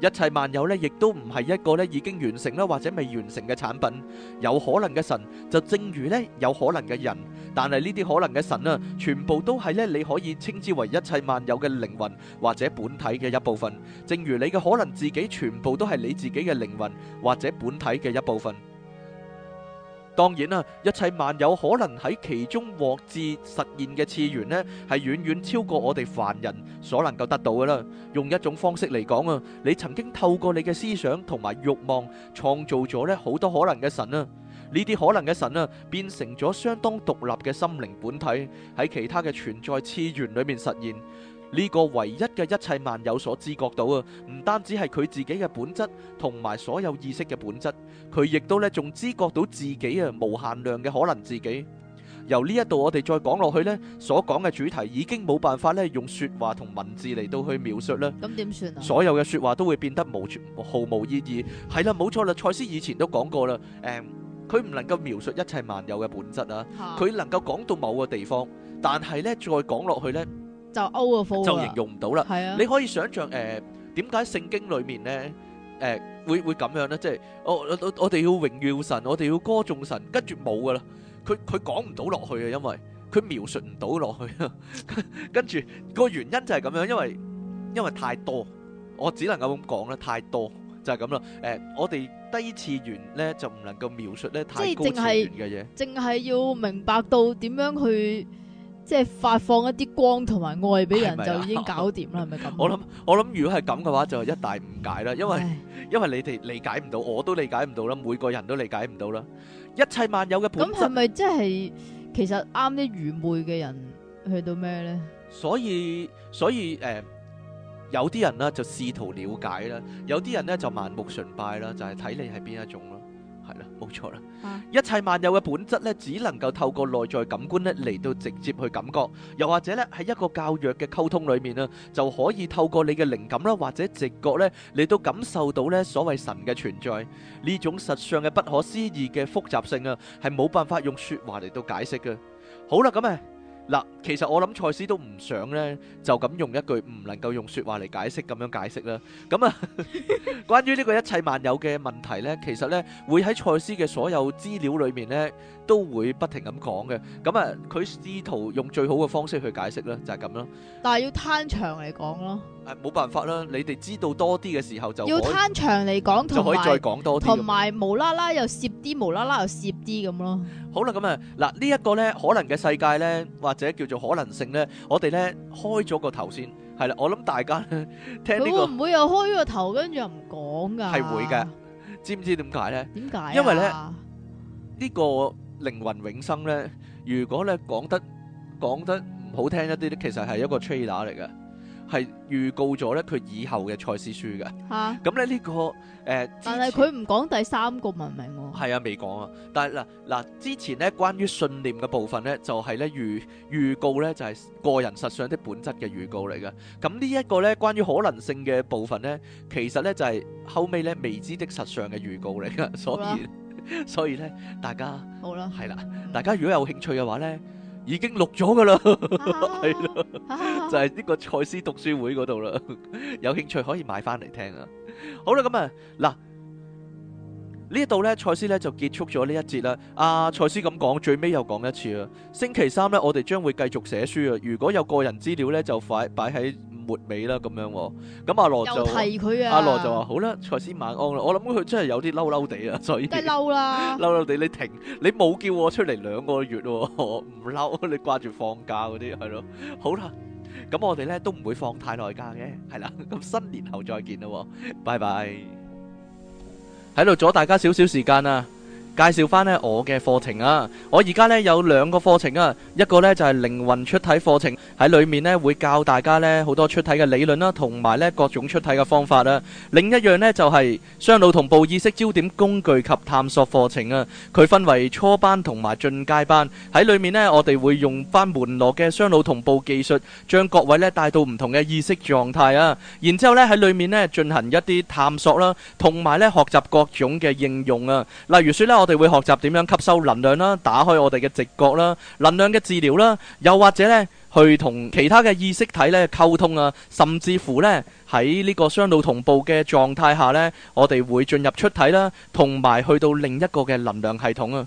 一切萬有咧，亦都唔係一個咧已經完成啦或者未完成嘅產品。有可能嘅神就正如咧有可能嘅人，但係呢啲可能嘅神啊，全部都係咧你可以稱之為一切萬有嘅靈魂或者本體嘅一部分。正如你嘅可能自己，全部都係你自己嘅靈魂或者本體嘅一部分。當然啦，一切萬有可能喺其中獲致實現嘅次元咧，係遠遠超過我哋凡人所能夠得到嘅啦。用一種方式嚟講啊，你曾經透過你嘅思想同埋慾望創造咗咧好多可能嘅神啊，呢啲可能嘅神啊，變成咗相當獨立嘅心靈本體喺其他嘅存在次元裏面實現。呢個唯一嘅一切萬有所知覺到啊，唔單止係佢自己嘅本質，同埋所有意識嘅本質，佢亦都咧仲知覺到自己啊無限量嘅可能自己。由呢一度我哋再講落去咧，所講嘅主題已經冇辦法咧用說話同文字嚟到去描述啦。咁點算啊？所有嘅說話都會變得無毫無意義。係啦，冇錯啦，賽斯以前都講過啦。誒，佢唔能夠描述一切萬有嘅本質啊，佢能夠講到某個地方，但係咧再講落去咧。就歐個火就形容唔到啦，係啊！你可以想象誒，點解聖經裏面咧誒會會咁樣咧？即係我我我我哋要榮耀神，我哋要歌頌神，跟住冇噶啦，佢佢講唔到落去啊，因為佢描述唔到落去啊。跟住個原因就係咁樣，因為因為太多，我只能夠咁講啦，太多就係咁啦。誒，我哋低次元咧就唔能夠描述咧，太高次元嘅嘢，淨係要明白到點樣去。即係發放一啲光同埋愛俾人是是、啊、就已經搞掂啦，係咪咁？我諗我諗，如果係咁嘅話，就一大誤解啦，因為 因為你哋理解唔到，我都理解唔到啦，每個人都理解唔到啦，一切萬有嘅本質。咁係咪即係其實啱啲愚昧嘅人去到咩咧？所以所以誒，有啲人咧就試圖了解啦，有啲人咧就盲目崇拜啦，就係、是、睇你係邊一種咯。係啦，冇錯啦，一切萬有嘅本質咧，只能夠透過內在感官咧嚟到直接去感覺，又或者咧喺一個較弱嘅溝通裏面啊，就可以透過你嘅靈感啦，或者直覺咧嚟到感受到咧所謂神嘅存在，呢種實相嘅不可思議嘅複雜性啊，係冇辦法用說話嚟到解釋嘅。好啦，咁啊。嗱，其實我諗賽斯都唔想咧，就咁用一句唔能夠用説話嚟解釋咁樣解釋啦。咁啊，關於呢個一切萬有嘅問題呢，其實呢，會喺賽斯嘅所有資料裏面呢。都會不停咁講嘅，咁啊佢試圖用最好嘅方式去解釋啦，就係咁咯。但係要攤長嚟講咯，誒冇辦法啦！你哋知道多啲嘅時候就要攤長嚟講，就可以再講多啲，同埋無啦啦又攝啲，無啦啦又攝啲咁咯。嗯、樣好啦，咁啊嗱呢一個咧可能嘅世界咧，或者叫做可能性咧，我哋咧開咗個頭先係啦。我諗大家咧聽呢、這個，佢會唔會又開個頭跟住又唔講㗎？係會嘅，知唔知點解咧？點解？因為咧呢、這個。靈魂永生咧，如果咧講得講得唔好聽一啲咧，其實係一個 trailer 嚟嘅，係預告咗咧佢以後嘅賽斯書嘅。吓咁咧呢、這個誒，呃、但係佢唔講第三個文明。係啊，未講啊。但係嗱嗱，之前咧關於信念嘅部分咧，就係咧預預告咧就係、是、個人實相的本質嘅預告嚟嘅。咁呢一個咧關於可能性嘅部分咧，其實咧就係、是、後尾咧未知的實相嘅預告嚟嘅，所以。所以咧，大家好啦吧，係啦、啊，大家如果有興趣嘅話咧，已經錄咗噶啦，係啦，就係呢個賽斯讀書會嗰度啦。有興趣可以買翻嚟聽啊。好啦，咁啊，嗱，呢度咧，賽斯咧就結束咗呢一節啦。阿、啊、賽斯咁講，最尾又講一次啦。星期三咧，我哋將會繼續寫書啊。如果有個人資料咧，就快擺喺末尾啦，咁樣，咁阿羅就提佢啊，阿羅就話好啦，賽斯晚安啦，我諗佢真係有啲嬲嬲地啊，所以嬲啦，嬲嬲地，你停，你冇叫我出嚟兩個月，唔嬲，你掛住放假嗰啲係咯，好啦，咁我哋咧都唔會放太耐假嘅，係啦，咁新年後再見啦，拜拜，喺度阻大家少少時間啦。介紹翻呢我嘅課程啊！我而家呢有兩個課程啊，一個呢就係靈魂出體課程，喺裡面呢會教大家呢好多出體嘅理論啦，同埋呢各種出體嘅方法啊。另一樣呢就係雙腦同步意識焦點工具及探索課程啊。佢分為初班同埋進階班，喺裡面呢我哋會用翻門羅嘅雙腦同步技術，將各位呢帶到唔同嘅意識狀態啊。然之後呢喺裡面呢進行一啲探索啦，同埋呢學習各種嘅應用啊。例如説呢我，我哋會學習點樣吸收能量啦，打開我哋嘅直覺啦，能量嘅治療啦，又或者呢，去同其他嘅意識體呢溝通啊，甚至乎呢喺呢個雙腦同步嘅狀態下呢，我哋會進入出體啦，同埋去到另一個嘅能量系統啊。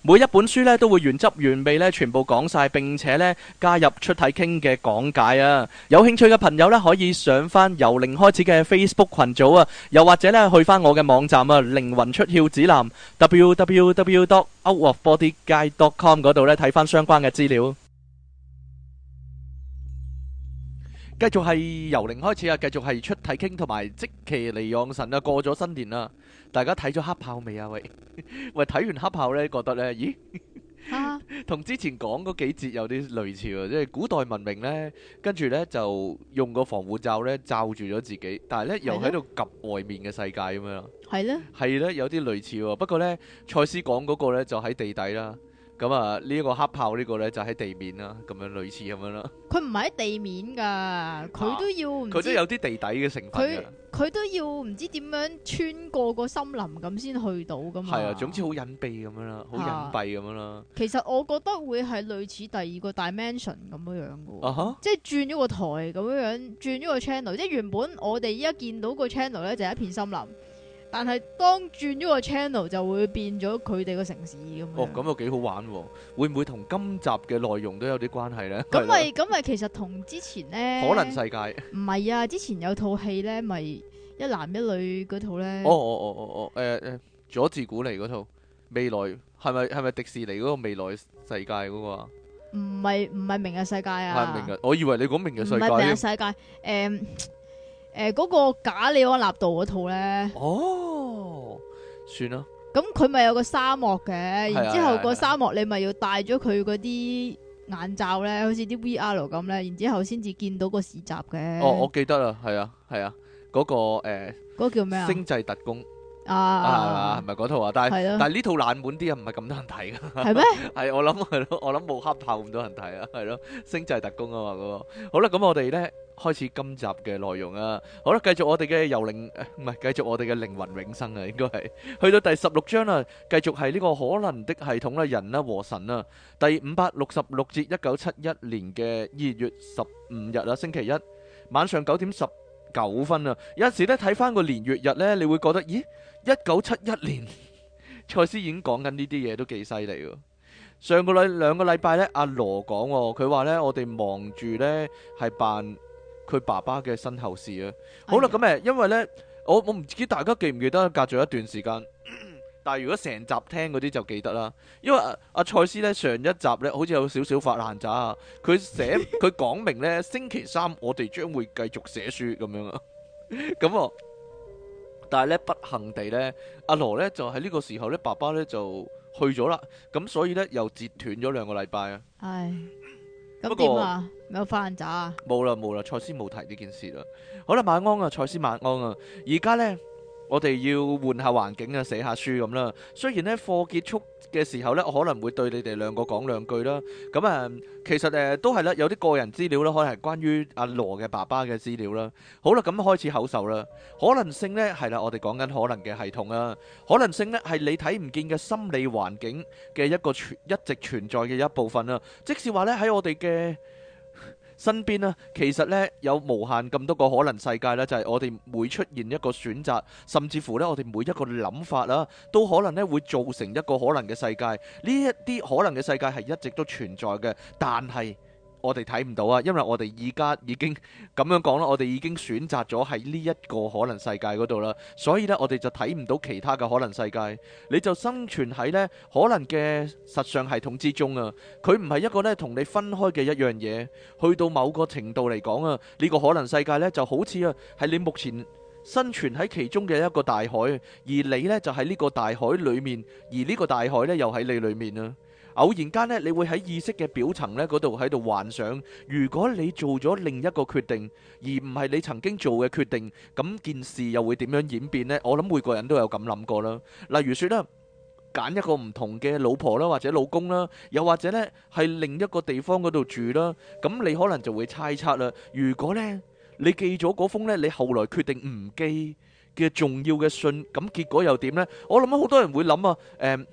每一本書咧都會原汁原味咧全部講晒，並且咧加入出體傾嘅講解啊！有興趣嘅朋友咧可以上翻由零開始嘅 Facebook 群組啊，又或者咧去翻我嘅網站啊，靈魂出竅指南 www.outofbodyguide.com 嗰度咧睇翻相關嘅資料。繼續係由零開始啊！繼續係出體傾同埋即期離陽神啊！過咗新年啦～大家睇咗黑豹未啊？喂喂，睇完黑豹呢，覺得呢，咦？同 之前講嗰幾節有啲類似啊，即係古代文明呢，跟住呢，就用個防護罩呢罩住咗自己，但係呢，又喺度睇外面嘅世界咁樣咯。係咧的，係有啲類似喎。不過呢，賽斯講嗰個呢，就喺地底啦。咁啊，呢、這、一個黑豹呢個咧就喺、是、地面啦，咁樣類似咁樣啦。佢唔係喺地面㗎，佢都要佢、啊、都有啲地底嘅成分。佢佢都要唔知點樣穿過個森林咁先去到㗎嘛。係啊，總之好隱蔽咁樣啦，好隱蔽咁樣啦、啊。其實我覺得會係類似第二個 dimension 咁樣樣㗎、uh huh? 即係轉咗個台咁樣樣，轉咗個 channel，即係原本我哋依家見到個 channel 咧就係一片森林。但係當轉咗個 channel 就會變咗佢哋個城市咁。哦，咁又幾好玩喎！會唔會同今集嘅內容都有啲關係咧？咁咪咁咪其實同之前咧，可能世界唔係啊！之前有套戲咧，咪一男一女嗰套咧。哦哦哦哦哦！誒、哦、誒、呃呃，佐治古利嗰套未來係咪係咪迪士尼嗰個未來世界嗰、嗰個？唔係唔係明日世界啊！係明日，我以為你講明日世、世界。唔係明日世界，誒。誒，嗰、欸，那個假李安立道嗰套咧，哦，算啦。咁佢咪有個沙漠嘅，啊、然之後個沙漠你咪要戴咗佢嗰啲眼罩咧，好似啲 VR 咁咧，然之後先至見到個市集嘅。哦，我記得啦，係啊，係啊，嗰、啊那個誒，嗰、欸、個叫咩啊？星際特工啊，係咪嗰套啊？但係但係呢套冷門啲啊，唔係咁多人睇噶。係咩？係我諗係咯，我諗冇洽透咁多人睇啊，係咯，星際特工啊嘛，嗰、那個好啦，咁我哋咧。那個開始今集嘅內容啊，好啦，繼續我哋嘅游靈，唔係繼續我哋嘅靈魂永生啊，應該係去到第十六章啊，繼續係呢個可能的系統啦，人啦和神啊，第五百六十六節一九七一年嘅二月十五日啊，星期一晚上九點十九分啊，有時咧睇翻個年月日咧，你會覺得咦，一九七一年，蔡思已經講緊呢啲嘢都幾犀利噶，上個禮兩個禮拜咧，阿羅講喎，佢話咧我哋忙住咧係扮。佢爸爸嘅身後事啊！好啦，咁誒、哎呀，因為呢，我我唔知大家記唔記得隔咗一段時間，嗯，但係如果成集聽嗰啲就記得啦。因為阿賽斯呢，上一集呢，好似有少少發爛渣啊。佢寫佢講明呢， 星期三我哋將會繼續寫書咁樣啊。咁啊，但係呢，不幸地呢，阿、啊、羅呢，就喺呢個時候呢，爸爸呢，就去咗啦。咁所以呢，又截斷咗兩個禮拜啊。係、哎。咁點啊？我有飯渣啊？冇啦冇啦，賽斯冇提呢件事啦。好啦，晚安啊，賽斯晚安啊。而家咧。我哋要換下環境啊，寫下書咁啦。雖然呢課結束嘅時候呢，我可能會對你哋兩個講兩句啦。咁、嗯、啊，其實誒、呃、都係啦，有啲個人資料啦，可能係關於阿羅嘅爸爸嘅資料啦。好啦，咁、嗯、開始口授啦。可能性呢，係啦，我哋講緊可能嘅系統啊。可能性呢，係你睇唔見嘅心理環境嘅一個存一直存在嘅一部分啊。即使話呢，喺我哋嘅。身邊呢，其實呢，有無限咁多個可能世界呢，就係我哋每出現一個選擇，甚至乎呢，我哋每一個諗法啦，都可能呢會造成一個可能嘅世界。呢一啲可能嘅世界係一直都存在嘅，但係。我哋睇唔到啊，因為我哋而家已經咁樣講啦，我哋已經選擇咗喺呢一個可能世界嗰度啦，所以呢，我哋就睇唔到其他嘅可能世界。你就生存喺呢可能嘅實相系統之中啊，佢唔係一個呢同你分開嘅一樣嘢。去到某個程度嚟講啊，呢個可能世界呢就好似啊，係你目前生存喺其中嘅一個大海，而你呢就喺呢個大海裏面，而呢個大海呢又喺你裏面啊。偶然間呢，你會喺意識嘅表層呢嗰度喺度幻想，如果你做咗另一個決定，而唔係你曾經做嘅決定，咁件事又會點樣演變呢？我諗每個人都有咁諗過啦。例如說呢，揀一個唔同嘅老婆啦，或者老公啦，又或者呢係另一個地方嗰度住啦，咁你可能就會猜測啦。如果呢你寄咗嗰封呢，你後來決定唔寄嘅重要嘅信，咁結果又點呢？我諗好多人會諗啊，誒。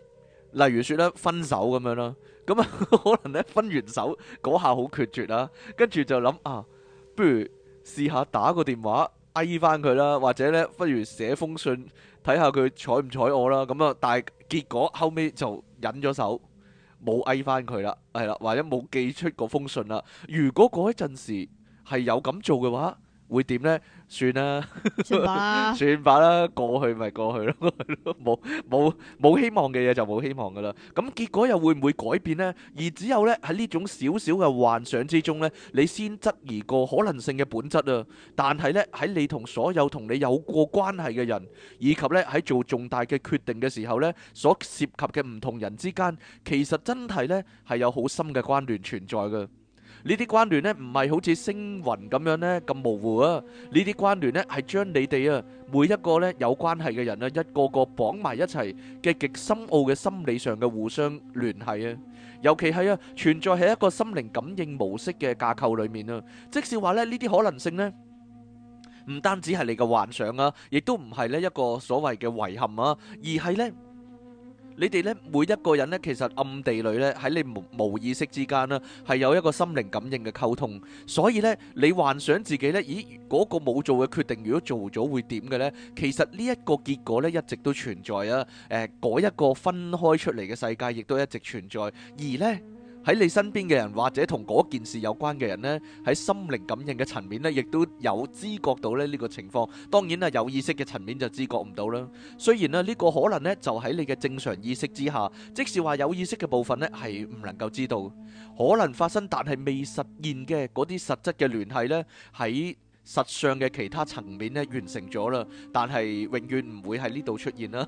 例如說咧分手咁樣啦，咁啊可能咧分完手嗰下好決絕啦，跟住就諗啊，不如試下打個電話嗌翻佢啦，或者咧不如寫封信睇下佢睬唔睬我啦，咁啊但係結果後尾就忍咗手，冇嗌翻佢啦，係啦或者冇寄出嗰封信啦。如果嗰一陣時係有咁做嘅話，會點咧？算啦，算罷啦，過去咪過去咯，冇冇冇希望嘅嘢就冇希望噶啦。咁結果又會唔會改變咧？而只有咧喺呢種少少嘅幻想之中咧，你先質疑個可能性嘅本質啊！但係咧喺你同所有同你有過關係嘅人，以及咧喺做重大嘅決定嘅時候咧，所涉及嘅唔同人之間，其實真係咧係有好深嘅關聯存在噶。呢啲關聯呢，唔係好似星雲咁樣呢，咁模糊啊！呢啲關聯呢，係將你哋啊，每一個呢有關係嘅人啊，一個個綁埋一齊嘅極深奧嘅心理上嘅互相聯繫啊！尤其係啊，存在喺一個心靈感應模式嘅架構裏面啊！即使話呢，呢啲可能性呢，唔單止係你嘅幻想啊，亦都唔係呢一個所謂嘅遺憾啊，而係呢。你哋咧，每一個人咧，其實暗地裏咧，喺你無無意識之間呢，係有一個心靈感應嘅溝通。所以咧，你幻想自己咧，咦嗰個冇做嘅決定，如果做咗會點嘅呢？其實呢一個結果咧，一直都存在啊。誒，嗰一個分開出嚟嘅世界亦都一直存在，而呢，喺你身邊嘅人，或者同嗰件事有關嘅人，呢喺心靈感應嘅層面，呢亦都有知覺到咧呢個情況。當然啊，有意識嘅層面就知覺唔到啦。雖然咧呢個可能呢，就喺你嘅正常意識之下，即使話有意識嘅部分呢係唔能夠知道，可能發生但係未實現嘅嗰啲實質嘅聯繫，呢喺實相嘅其他層面，呢完成咗啦，但係永遠唔會喺呢度出現啦。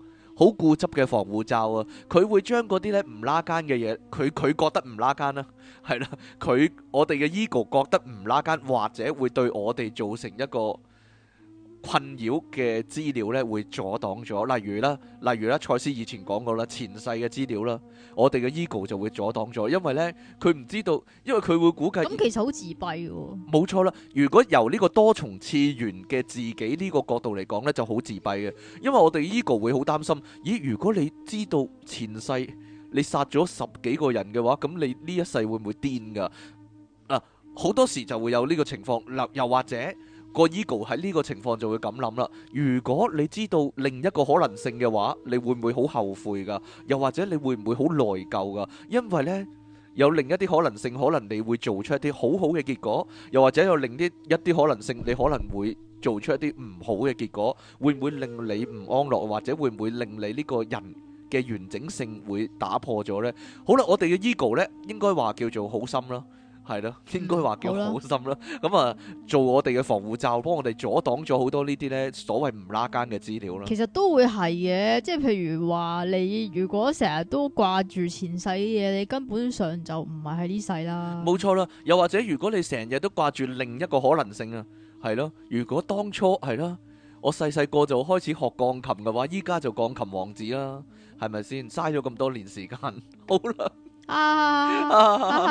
好固執嘅防護罩啊！佢會將嗰啲咧唔拉間嘅嘢，佢佢覺得唔拉間啦、啊，係啦，佢我哋嘅 ego 覺得唔拉間，或者會對我哋造成一個困擾嘅資料咧，會阻擋咗。例如啦，例如啦，賽斯以前講過啦，前世嘅資料啦，我哋嘅 ego 就會阻擋咗，因為呢，佢唔知道，因為佢會估計。咁其實好自閉喎。冇錯啦，如果由呢個多重次元嘅自己呢個角度嚟講呢，就好自閉嘅，因為我哋 ego 會好擔心。咦，如果你知道前世你殺咗十幾個人嘅話，咁你呢一世會唔會癲㗎？嗱，好多時就會有呢個情況。又又或者。個 ego 喺呢個情況就會咁諗啦。如果你知道另一個可能性嘅話，你會唔會好後悔㗎？又或者你會唔會好內疚㗎？因為呢有另一啲可能性，可能你會做出一啲好好嘅結果；又或者有另啲一啲可能性，你可能會做出一啲唔好嘅結果。會唔會令你唔安樂？或者會唔會令你呢個人嘅完整性會打破咗呢？好啦，我哋嘅 ego 呢，應該話叫做好心啦。係咯，應該話叫好心啦。咁啊的、嗯，做我哋嘅防護罩，幫我哋阻擋咗好多呢啲呢所謂唔拉更嘅資料啦。其實都會係嘅，即係譬如話你如果成日都掛住前世嘅嘢，你根本上就唔係喺呢世啦。冇錯啦，又或者如果你成日都掛住另一個可能性啊，係咯，如果當初係咯，我細細個就開始學鋼琴嘅話，依家就鋼琴王子啦，係咪先？嘥咗咁多年時間，好啦。啊，啊啊啊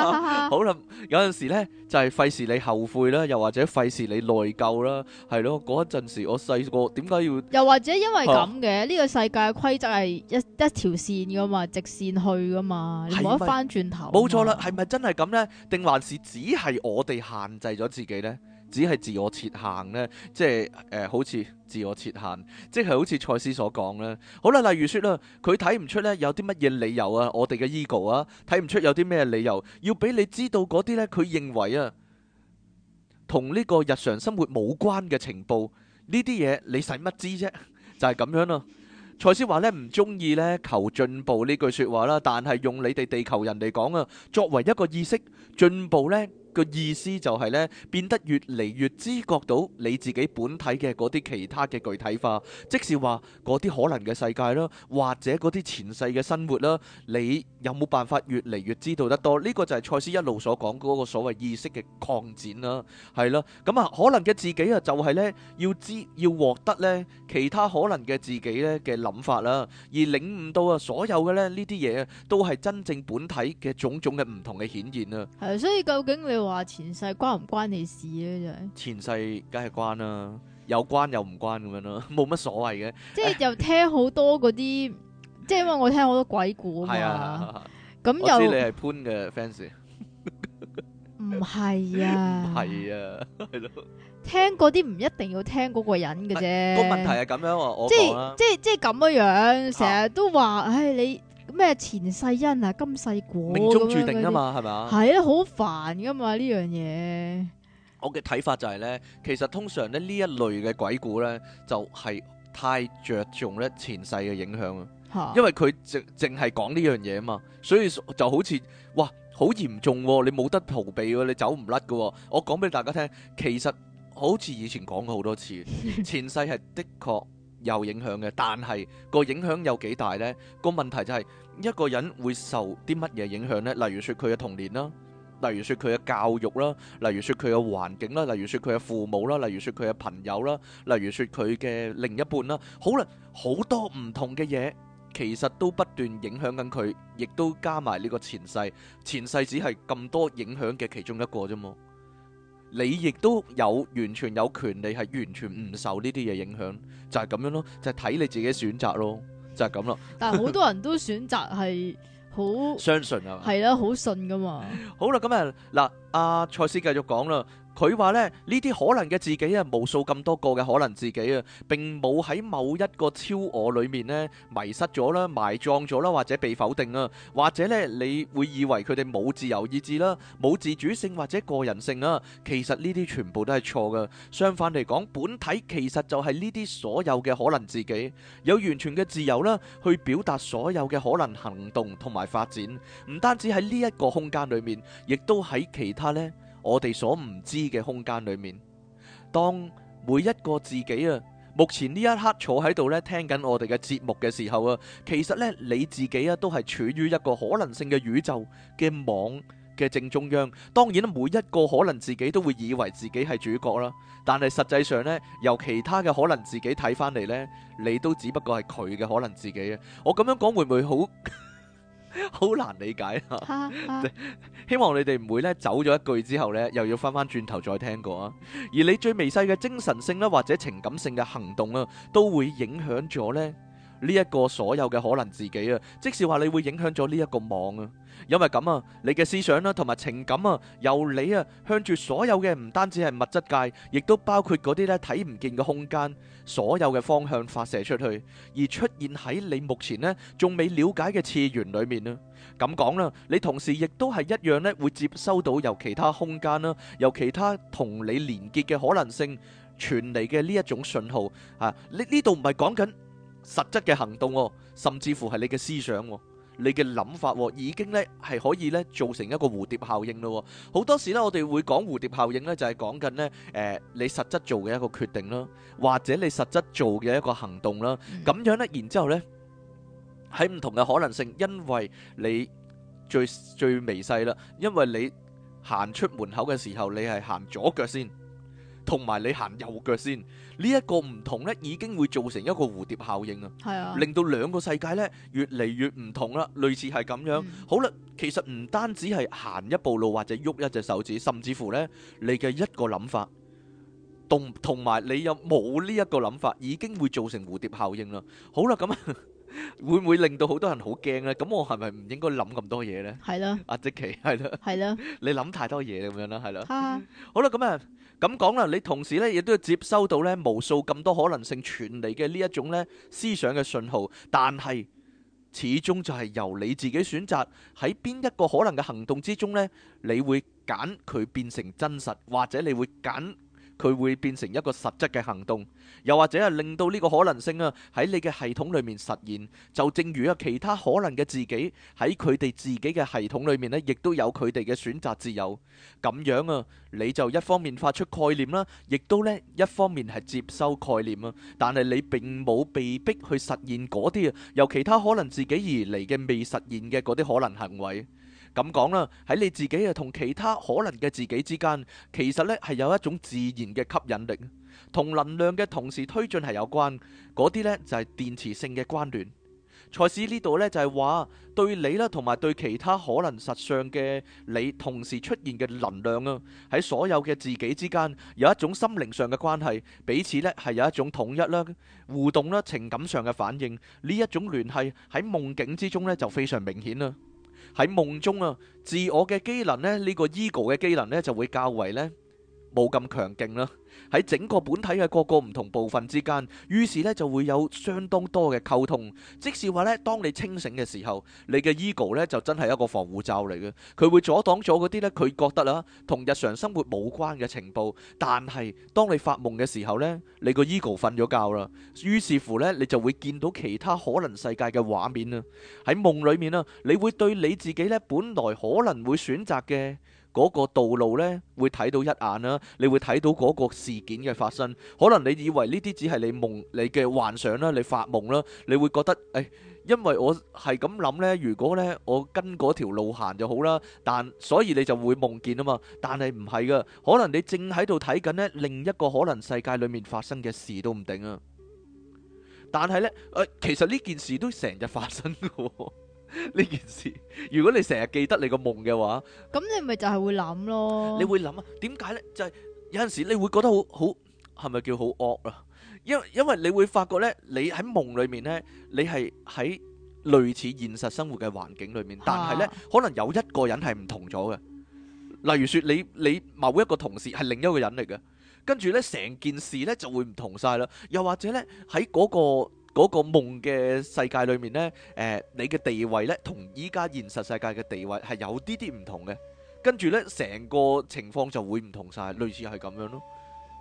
啊 好啦，有陣時呢就係費事你後悔啦，又或者費事你內疚啦，係咯，嗰一陣時我細個點解要？又或者因為咁嘅，呢、啊、個世界規則係一一條線噶嘛，直線去噶嘛，你冇得返轉頭。冇錯啦，係咪真係咁呢？定還是只係我哋限制咗自己呢？只係自我設限咧，即係誒、呃，好似自我設限，即係好似賽斯所講啦。好啦，例如説啦，佢睇唔出呢有啲乜嘢理由啊，我哋嘅 ego 啊，睇唔出有啲咩理由要俾你知道嗰啲呢，佢認為啊，同呢個日常生活冇關嘅情報，呢啲嘢你使乜知啫？就係、是、咁樣咯。賽斯話呢，唔中意呢求進步呢句説話啦，但係用你哋地球人嚟講啊，作為一個意識進步呢。意思就係咧，變得越嚟越知覺到你自己本體嘅嗰啲其他嘅具體化，即是話嗰啲可能嘅世界啦，或者嗰啲前世嘅生活啦，你有冇辦法越嚟越知道得多？呢、這個就係賽斯一路所講嗰個所謂意識嘅擴展啦，係啦，咁啊可能嘅自己啊，就係咧要知要獲得咧其他可能嘅自己咧嘅諗法啦，而領悟到啊所有嘅咧呢啲嘢都係真正本體嘅種種嘅唔同嘅顯現啊，係，所以究竟你話？話前世關唔關你事咧？就係前世，梗係關啦，有關又唔關咁樣咯，冇乜所謂嘅。即係又聽好多嗰啲，即係因為我聽好多鬼故啊嘛。係啊，咁又你係潘嘅 fans？唔係啊，係啊，係咯。聽嗰啲唔一定要聽嗰個人嘅啫。個問題係咁樣啊，我講啦，即係即係咁嘅樣，成日都話唉你。咩前世因啊，今世果，啊，命中注定啊嘛，係咪些吧啊？係啊，好煩噶嘛呢樣嘢。我嘅睇法就係，是，咧，其實通常咧呢一類嘅鬼故咧，就係，是，太着重咧前世嘅影響，哈因為佢淨淨係講呢樣嘢啊嘛，所以就好似哇好嚴重，啊，你冇得逃避，你走唔甩噶。我講俾大家聽，其實好似以前講過好多次， 前世係的確。有影響嘅，但係個影響有幾大呢？個問題就係一個人會受啲乜嘢影響呢？例如說佢嘅童年啦，例如說佢嘅教育啦，例如說佢嘅環境啦，例如說佢嘅父母啦，例如說佢嘅朋友啦，例如說佢嘅另一半啦，好啦，好多唔同嘅嘢，其實都不斷影響緊佢，亦都加埋呢個前世，前世只係咁多影響嘅其中一個啫嘛。你亦都有完全有權利係完全唔受呢啲嘢影響，就係、是、咁樣咯，就係、是、睇你自己選擇咯，就係咁啦。 但係好多人都選擇係好相信 好啊，係啦，好信噶嘛。好啦，咁啊嗱，阿賽斯繼續講啦。佢話咧呢啲可能嘅自己啊，無數咁多個嘅可能自己啊，並冇喺某一個超我裏面咧迷失咗啦，埋葬咗啦，或者被否定啊，或者咧你會以為佢哋冇自由意志啦，冇自主性或者個人性啊？其實呢啲全部都係錯噶。相反嚟講，本體其實就係呢啲所有嘅可能自己，有完全嘅自由啦，去表達所有嘅可能行動同埋發展。唔單止喺呢一個空間裏面，亦都喺其他呢。我哋所唔知嘅空間裏面，當每一個自己啊，目前呢一刻坐喺度呢，聽緊我哋嘅節目嘅時候啊，其實呢，你自己啊都係處於一個可能性嘅宇宙嘅網嘅正中央。當然每一個可能自己都會以為自己係主角啦，但係實際上呢，由其他嘅可能自己睇翻嚟呢，你都只不過係佢嘅可能自己啊。我咁樣講會唔會好？ 好 難理解啊！ 希望你哋唔會咧走咗一句之後咧，又要翻翻轉頭再聽過啊！而你最微細嘅精神性咧，或者情感性嘅行動啊，都會影響咗咧。呢一個所有嘅可能自己啊，即是話你會影響咗呢一個網啊，因為咁啊，你嘅思想啦，同埋情感啊，由你啊向住所有嘅唔單止係物質界，亦都包括嗰啲咧睇唔見嘅空間，所有嘅方向發射出去，而出現喺你目前呢仲未了解嘅次元裏面啊。咁講啦，你同時亦都係一樣呢，會接收到由其他空間啦，由其他同你連結嘅可能性傳嚟嘅呢一種信號啊。你呢度唔係講緊。實質嘅行動，甚至乎係你嘅思想、你嘅諗法，已經咧係可以咧造成一個蝴蝶效應咯。好多時咧，我哋會講蝴蝶效應咧，就係講緊咧，誒，你實質做嘅一個決定啦，或者你實質做嘅一個行動啦，咁樣咧，然之後咧，喺唔同嘅可能性，因為你最最微細啦，因為你行出門口嘅時候，你係行左腳先。同埋你行右腳先，呢、這、一個唔同呢已經會造成一個蝴蝶效應啊，令到兩個世界呢越嚟越唔同啦，類似係咁樣。嗯、好啦，其實唔單止係行一步路或者喐一隻手指，甚至乎呢你嘅一個諗法，同同埋你有冇呢一個諗法，已經會造成蝴蝶效應啦。好啦，咁。會唔會令到好多人好驚呢？咁我係咪唔應該諗咁多嘢呢？係啦的，阿、啊、即奇，係啦，係啦的， 你諗太多嘢咁、啊、樣啦，係啦。好啦，咁啊咁講啦，你同時呢，亦都要接收到呢無數咁多可能性傳嚟嘅呢一種呢思想嘅信號，但係始終就係由你自己選擇喺邊一個可能嘅行動之中呢，你會揀佢變成真實，或者你會揀。佢會變成一個實質嘅行動，又或者係令到呢個可能性啊喺你嘅系統裏面實現。就正如啊其他可能嘅自己喺佢哋自己嘅系統裏面呢，亦都有佢哋嘅選擇自由。咁樣啊，你就一方面發出概念啦，亦都呢一方面係接收概念啊。但係你並冇被逼去實現嗰啲啊，由其他可能自己而嚟嘅未實現嘅嗰啲可能行為。咁講啦，喺你自己啊同其他可能嘅自己之間，其實咧係有一種自然嘅吸引力，同能量嘅同時推進係有關。嗰啲咧就係電磁性嘅關聯。賽斯呢度咧就係話，對你啦同埋對其他可能實相嘅你同時出現嘅能量啊，喺所有嘅自己之間有一種心靈上嘅關係，彼此咧係有一種統一啦、互動啦、情感上嘅反應，呢一種聯繫喺夢境之中咧就非常明顯啦。喺夢中啊，自我嘅、這個、機能咧，呢個 ego 嘅機能咧，就會較為咧。冇咁強勁啦，喺整個本體嘅各個唔同部分之間，於是呢就會有相當多嘅溝通。即是話呢，當你清醒嘅時候，你嘅 ego 呢就真係一個防護罩嚟嘅，佢會阻擋咗嗰啲呢，佢覺得啦同日常生活冇關嘅情報。但係當你發夢嘅時候呢，你個 ego 瞓咗覺啦，於是乎呢，你就會見到其他可能世界嘅畫面啊！喺夢裡面啊，你會對你自己呢，本來可能會選擇嘅。嗰個道路呢，會睇到一眼啦，你會睇到嗰個事件嘅發生。可能你以為呢啲只係你夢、你嘅幻想啦，你發夢啦，你會覺得誒、哎，因為我係咁諗呢。如果呢，我跟嗰條路行就好啦，但所以你就會夢見啊嘛。但係唔係噶，可能你正喺度睇緊呢，另一個可能世界裏面發生嘅事都唔定啊。但係呢，誒、呃，其實呢件事都成日發生嘅。 呢件事，如果你成日記得你個夢嘅話，咁你咪就係會諗咯。你會諗啊？點解呢？就係、是、有陣時你會覺得好好，係咪叫好惡啊？因為因為你會發覺呢，你喺夢裏面呢，你係喺類似現實生活嘅環境裏面，但係呢，可能有一個人係唔同咗嘅。啊、例如說你你某一個同事係另一個人嚟嘅，跟住呢，成件事呢就會唔同晒啦。又或者呢，喺嗰、個。嗰個夢嘅世界裏面呢，誒、呃，你嘅地位呢，同依家現實世界嘅地位係有啲啲唔同嘅，跟住呢，成個情況就會唔同晒，類似係咁樣咯。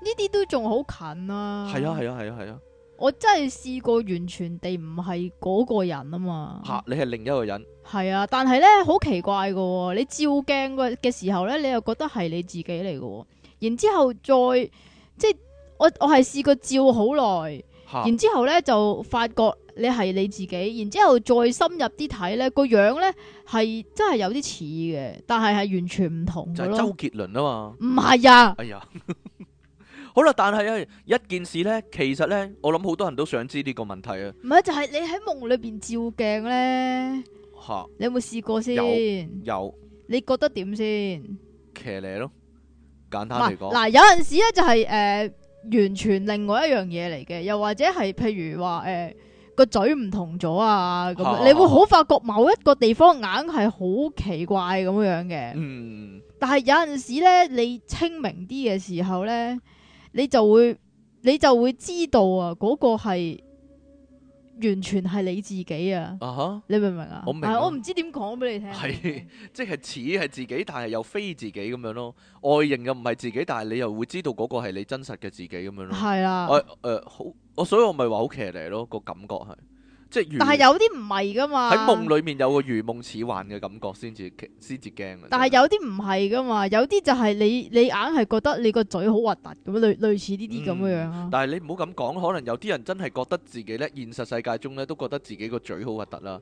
呢啲都仲好近啊！係啊，係啊，係啊，係啊！啊啊啊我真係試過完全地唔係嗰個人嘛啊嘛吓，你係另一個人，係啊，但係呢，好奇怪噶、哦，你照鏡嘅嘅時候呢，你又覺得係你自己嚟噶、哦，然之後再即係我我係試過照好耐。然之後咧就發覺你係你自己，然之後再深入啲睇咧，個樣咧係真係有啲似嘅，但係係完全唔同。就周杰倫啊嘛？唔係啊！哎呀， 好啦，但係啊一件事咧，其實咧我諗好多人都想知呢個問題啊。唔係就係、是、你喺夢裏邊照鏡咧嚇， 你有冇試過先？有，有，你覺得點先？騎呢咯，簡單嚟講，嗱有陣時咧就係、是、誒。呃完全另外一樣嘢嚟嘅，又或者係譬如話誒個嘴唔同咗啊咁，oh. 你會好發覺某一個地方眼係好奇怪咁樣嘅。嗯，mm. 但係有陣時咧，你清明啲嘅時候咧，你就會你就會知道啊嗰個係。完全係你自己啊！Uh huh? 你明唔明啊？我明。係我唔知點講俾你聽，係 即係似係自己，但係又非自己咁樣咯。外形又唔係自己，但係你又會知道嗰個係你真實嘅自己咁樣咯。係啊，誒誒、啊啊，好，我所以我，我咪話好騎呢咯個感覺係。即係，但係有啲唔係噶嘛。喺夢裡面有個如夢似幻嘅感覺，先至先至驚啊。但係有啲唔係噶嘛，有啲就係你你硬係覺得你個嘴好核突咁樣，類類似呢啲咁樣樣啊。但係你唔好咁講，可能有啲人真係覺得自己咧，現實世界中咧都覺得自己個嘴好核突啦。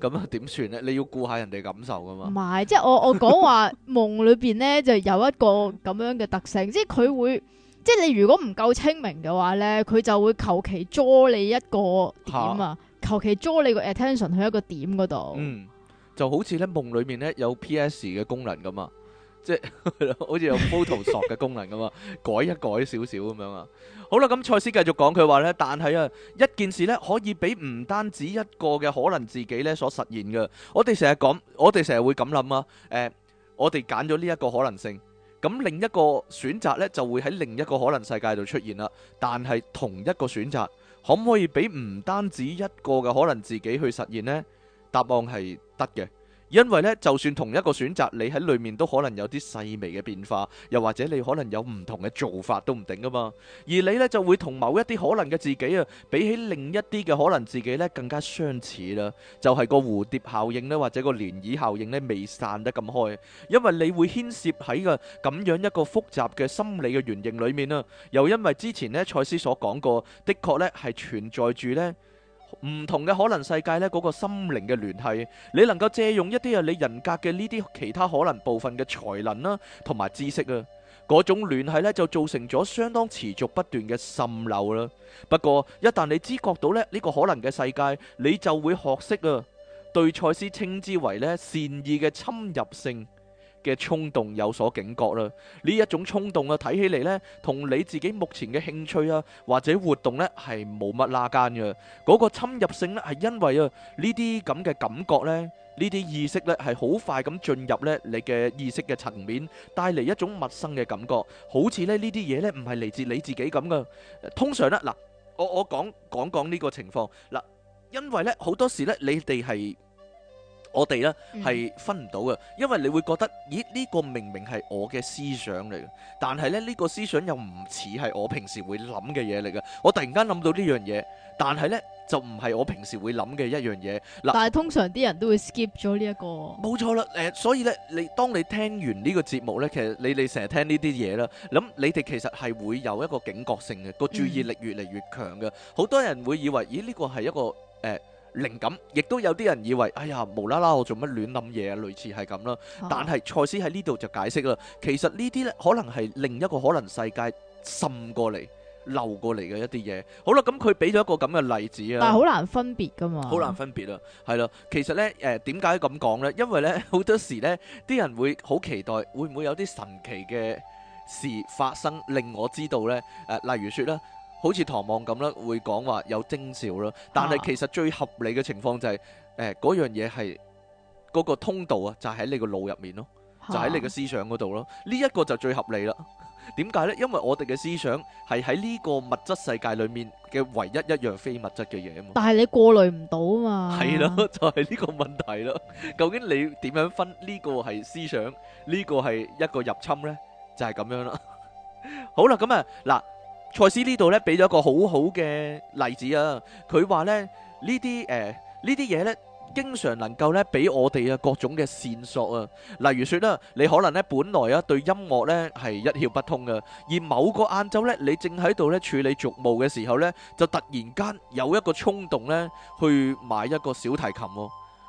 咁啊點算咧？你要顧下人哋感受噶嘛。唔係，即係我我講話 夢裏邊呢就有一個咁樣嘅特性，即係佢會即係你如果唔夠清明嘅話呢，佢就會求其捉你一個點啊。求其抓你個 attention 去一個點嗰度，嗯，就好似咧，夢裏面咧有 PS 嘅功能咁啊，即係好似有 photoshop 嘅功能咁啊，改一改少少咁樣啊。好啦，咁賽斯繼續講佢話咧，但係啊，一件事咧可以俾唔單止一個嘅可能自己咧所實現噶。我哋成日講，我哋成日會咁諗啊，誒，我哋揀咗呢一個可能性，咁另一個選擇咧就會喺另一個可能世界度出現啦。但係同一個選擇。可唔可以畀唔單止一個嘅可能自己去實現呢？答案係得嘅。因為咧，就算同一個選擇，你喺裏面都可能有啲細微嘅變化，又或者你可能有唔同嘅做法都唔定噶嘛。而你呢，就會同某一啲可能嘅自己啊，比起另一啲嘅可能自己呢，更加相似啦。就係個蝴蝶效應呢，或者個漣漪效應呢，未散得咁開，因為你會牽涉喺個咁樣一個複雜嘅心理嘅原型裏面啊。又因為之前呢，賽斯所講過，的確呢係存在住呢。唔同嘅可能世界呢，嗰個心靈嘅聯繫，你能夠借用一啲啊，你人格嘅呢啲其他可能部分嘅才能啦，同埋知識啊，嗰種聯繫呢就造成咗相當持續不斷嘅滲漏啦。不過一旦你知覺到呢呢個可能嘅世界，你就會學識啊，對賽斯稱之為呢善意嘅侵入性，嘅衝動有所警覺啦，呢一種衝動啊，睇起嚟呢，同你自己目前嘅興趣啊或者活動呢係冇乜拉間嘅，嗰個侵入性呢係因為啊呢啲咁嘅感覺呢，呢啲意識呢係好快咁進入呢你嘅意識嘅層面，帶嚟一種陌生嘅感覺，好似呢呢啲嘢呢唔係嚟自你自己咁㗎。通常呢嗱，我我講講講呢個情況嗱，因為呢好多時呢你哋係。我哋咧係分唔到嘅，因為你會覺得，咦？呢個明明係我嘅思想嚟嘅，但係咧呢個思想又唔似係我平時會諗嘅嘢嚟嘅。我突然間諗到呢樣嘢，但係咧就唔係我平時會諗嘅一樣嘢。嗱，但係通常啲人都會 skip 咗呢一個。冇錯啦，誒，所以咧，你當你聽完呢個節目咧，其實你哋成日聽呢啲嘢啦，諗你哋其實係會有一個警覺性嘅，個注意力越嚟越強嘅。嗯，好多人會以為，咦？呢個係一個誒。靈感，亦都有啲人以為，哎呀，無啦啦，我做乜亂諗嘢啊？類似係咁啦。但係賽斯喺呢度就解釋啦，其實呢啲咧可能係另一個可能世界滲過嚟、流過嚟嘅一啲嘢。好啦，咁佢俾咗一個咁嘅例子啊。但係好難分別噶嘛。好難分別啊，係啦。其實咧，誒點解咁講咧？因為咧，好多時咧，啲人會好期待，會唔會有啲神奇嘅事發生，令我知道咧？誒、呃，例如説咧。好似唐望咁啦，會講話有徵兆咯，但係其實最合理嘅情況就係，誒嗰樣嘢係嗰個通道啊，就喺你個腦入面咯，就喺你嘅思想嗰度咯，呢一個就最合理啦。點解呢？因為我哋嘅思想係喺呢個物質世界裏面嘅唯一一樣非物質嘅嘢啊嘛。但係你過濾唔到啊嘛。係咯，就係呢個問題咯。究竟你點樣分呢個係思想，呢個係一個入侵呢？就係咁樣啦。好啦，咁啊嗱。蔡司呢度咧俾咗一個好好嘅例子啊！佢話咧呢啲誒呢啲嘢咧，經常能夠咧俾我哋啊各種嘅線索啊。例如說啦，你可能咧本來啊對音樂咧係一竅不通嘅，而某個晏晝咧你正喺度咧處理俗務嘅時候咧，就突然間有一個衝動咧去買一個小提琴喎，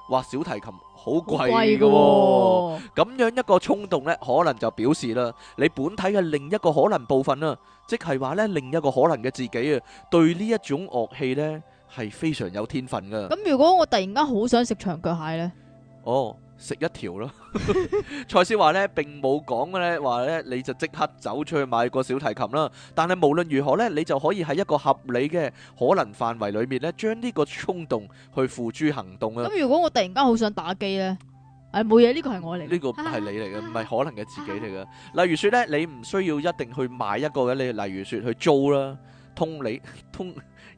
話小提琴。好貴嘅喎。咁樣一個衝動咧，可能就表示啦，你本體嘅另一個可能部分啦，即係話咧另一個可能嘅自己啊，對呢一種樂器咧係非常有天分噶。咁如果我突然間好想食長腳蟹咧？哦。食一條咯，賽斯話咧並冇講咧話咧你就即刻走出去買個小提琴啦。但係無論如何咧，你就可以喺一個合理嘅可能範圍裏面咧，將呢個衝動去付諸行動啦。咁如果我突然間好想打機咧？誒冇嘢，呢個係我嚟，呢個唔係你嚟嘅，唔係可能嘅自己嚟嘅。例如説咧，你唔需要一定去買一個嘅，你例如説去租啦，通你。通。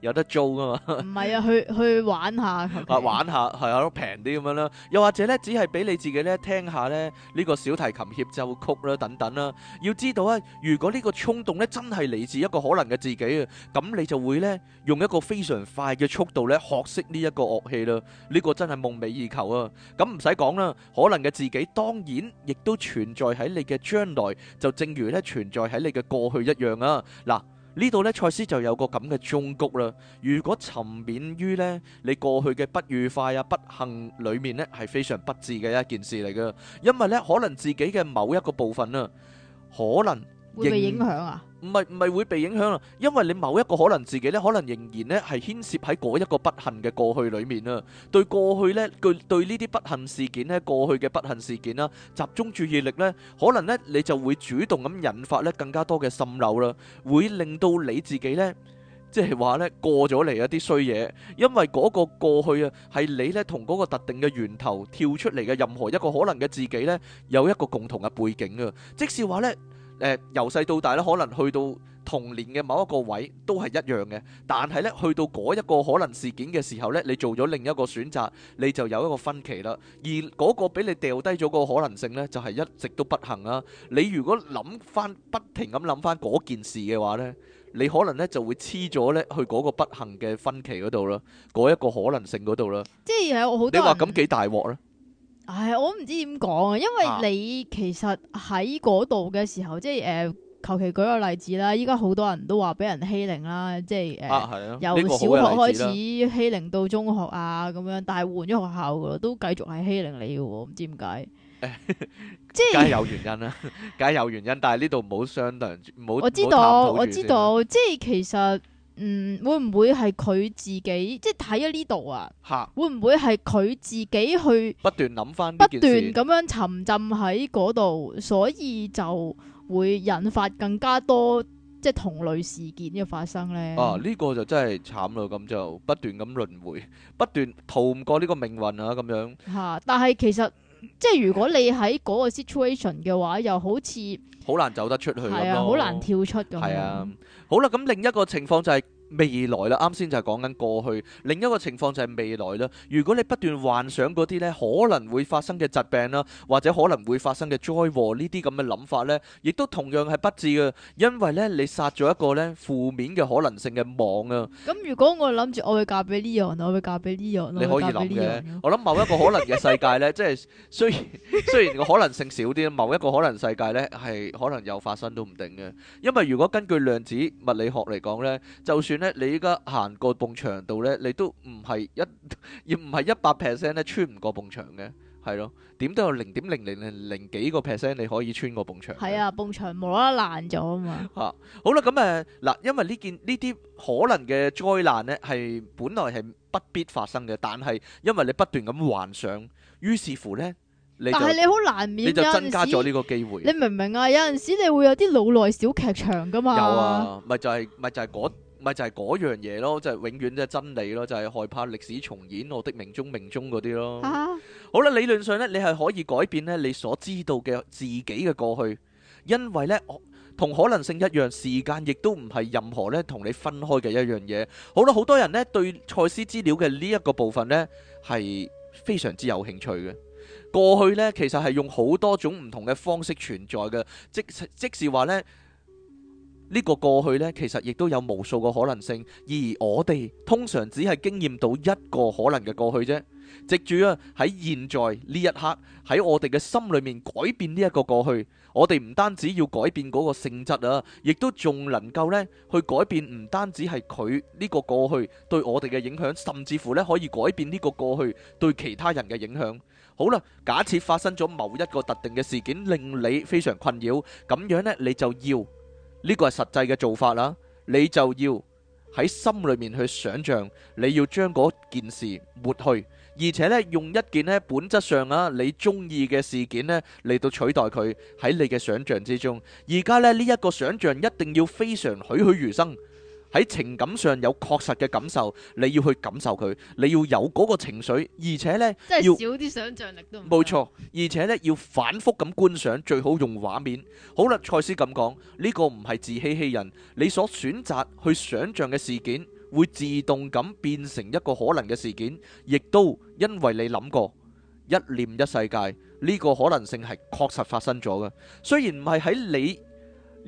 有得租㗎嘛？唔係啊，去去玩下啊，玩下係啊，平啲咁樣啦。又或者咧，只係俾你自己咧聽下咧呢個小提琴協奏曲啦，等等啦。要知道啊，如果呢個衝動咧真係嚟自一個可能嘅自己啊，咁你就會咧用一個非常快嘅速度咧學識呢一個樂器啦。呢個真係夢寐以求啊！咁唔使講啦，可能嘅自己當然亦都存在喺你嘅將來，就正如咧存在喺你嘅過去一樣啊！嗱。呢度呢，賽斯就有個咁嘅忠告啦。如果沉湎於呢，你過去嘅不愉快啊、不幸裡面呢，係非常不智嘅一件事嚟嘅。因為呢，可能自己嘅某一個部分啊，可能。會被影響啊？唔係唔係會被影響啊？因為你某一個可能自己咧，可能仍然咧係牽涉喺嗰一個不幸嘅過去裏面啦。對過去咧，對對呢啲不幸事件咧，過去嘅不幸事件啦，集中注意力咧，可能咧你就會主動咁引發咧更加多嘅滲漏啦，會令到你自己咧，即係話咧過咗嚟一啲衰嘢，因為嗰個過去啊，係你咧同嗰個特定嘅源頭跳出嚟嘅任何一個可能嘅自己咧，有一個共同嘅背景啊，即使話咧。誒由細到大咧，可能去到童年嘅某一個位都係一樣嘅，但係咧去到嗰一個可能事件嘅時候咧，你做咗另一個選擇，你就有一個分歧啦。而嗰個俾你掉低咗個可能性咧，就係、是、一直都不幸啦、啊。你如果諗翻不停咁諗翻嗰件事嘅話咧，你可能咧就會黐咗咧去嗰個不幸嘅分歧嗰度啦，嗰一個可能性嗰度啦。即係你話咁幾大鑊咧？唉，我唔知點講啊，因為你其實喺嗰度嘅時候，即係誒，求、呃、其舉個例子啦。依家好多人都話俾人欺凌啦，即係誒，呃啊啊、由小學開始欺凌到中學啊，咁樣，但係換咗學校噶咯，都繼續係欺凌你噶，唔知點解。啊、即梗是係 有原因啦，梗係有原因，但係呢度唔好商量，唔好。我知道，我知道，即係其實。嗯，會唔會係佢自己即係睇咗呢度啊？吓哈，會唔會係佢自己去不斷諗翻不斷咁樣沉浸喺嗰度，所以就會引發更加多即係同類事件嘅發生咧？啊，呢、呢個就真係慘啦！咁就不斷咁輪回，不斷逃唔過呢個命運啊！咁樣吓，但係其實即係如果你喺嗰個 situation 嘅話，又好似好難走得出去咯，好、啊、好難跳出咁樣。好啦，咁另一個情況就係，未來啦，啱先就係講緊過去。另一個情況就係未來啦。如果你不斷幻想嗰啲咧可能會發生嘅疾病啦，或者可能會發生嘅災禍呢啲咁嘅諗法咧，亦都同樣係不智嘅，因為咧你殺咗一個咧負面嘅可能性嘅網啊。咁如果我諗住我會嫁俾呢樣，我會嫁俾呢樣，你可以諗嘅。我諗某一個可能嘅世界咧，即係雖然雖然個可能性少啲，某一個可能世界咧係可能又發生都唔定嘅。因為如果根據量子物理學嚟講咧，就算咧，你依家行過泵牆度咧，你都唔係一，亦唔係一百 percent 咧穿唔過泵牆嘅，係咯？點都有零點零零零零幾個 percent 你可以穿過泵牆。係啊，泵牆無啦啦爛咗啊嘛。吓、啊，好啦，咁誒嗱，因為呢件呢啲可能嘅災難咧，係本來係不必發生嘅，但係因為你不斷咁幻想，於是乎咧，你但係你好難免你就增加咗呢個機會。你明唔明啊？有陣時你會有啲腦內小劇場噶嘛？有啊，咪就係、是、咪就係嗰。咪就係嗰樣嘢咯，就係、是、永遠即係真理咯，就係、是、害怕歷史重演，我的命中命中嗰啲咯。啊、好啦，理論上呢，你係可以改變呢你所知道嘅自己嘅過去，因為呢，同可能性一樣，時間亦都唔係任何呢同你分開嘅一樣嘢。好啦，好多人呢對賽斯資料嘅呢一個部分呢係非常之有興趣嘅。過去呢，其實係用好多種唔同嘅方式存在嘅，即即是話呢。呢個過去呢，其實亦都有無數個可能性，而我哋通常只係經驗到一個可能嘅過去啫。藉住啊喺現在呢一刻，喺我哋嘅心裏面改變呢一個過去，我哋唔單止要改變嗰個性質啊，亦都仲能夠呢去改變唔單止係佢呢個過去對我哋嘅影響，甚至乎呢可以改變呢個過去對其他人嘅影響。好啦，假設發生咗某一個特定嘅事件，令你非常困擾，咁樣呢，你就要。呢個係實際嘅做法啦，你就要喺心裏面去想象，你要將嗰件事抹去，而且呢，用一件呢本質上啊你中意嘅事件呢嚟到取代佢喺你嘅想象之中。而家呢，呢一個想象一定要非常栩栩如生。喺情感上有確實嘅感受，你要去感受佢，你要有嗰個情緒，而且呢，即係少啲想像力都冇錯。而且呢，要反覆咁觀賞，最好用畫面。好啦，賽斯咁講，呢個唔係自欺欺人。你所選擇去想像嘅事件，會自動咁變成一個可能嘅事件，亦都因為你諗過，一念一世界，呢個可能性係確實發生咗嘅。雖然唔係喺你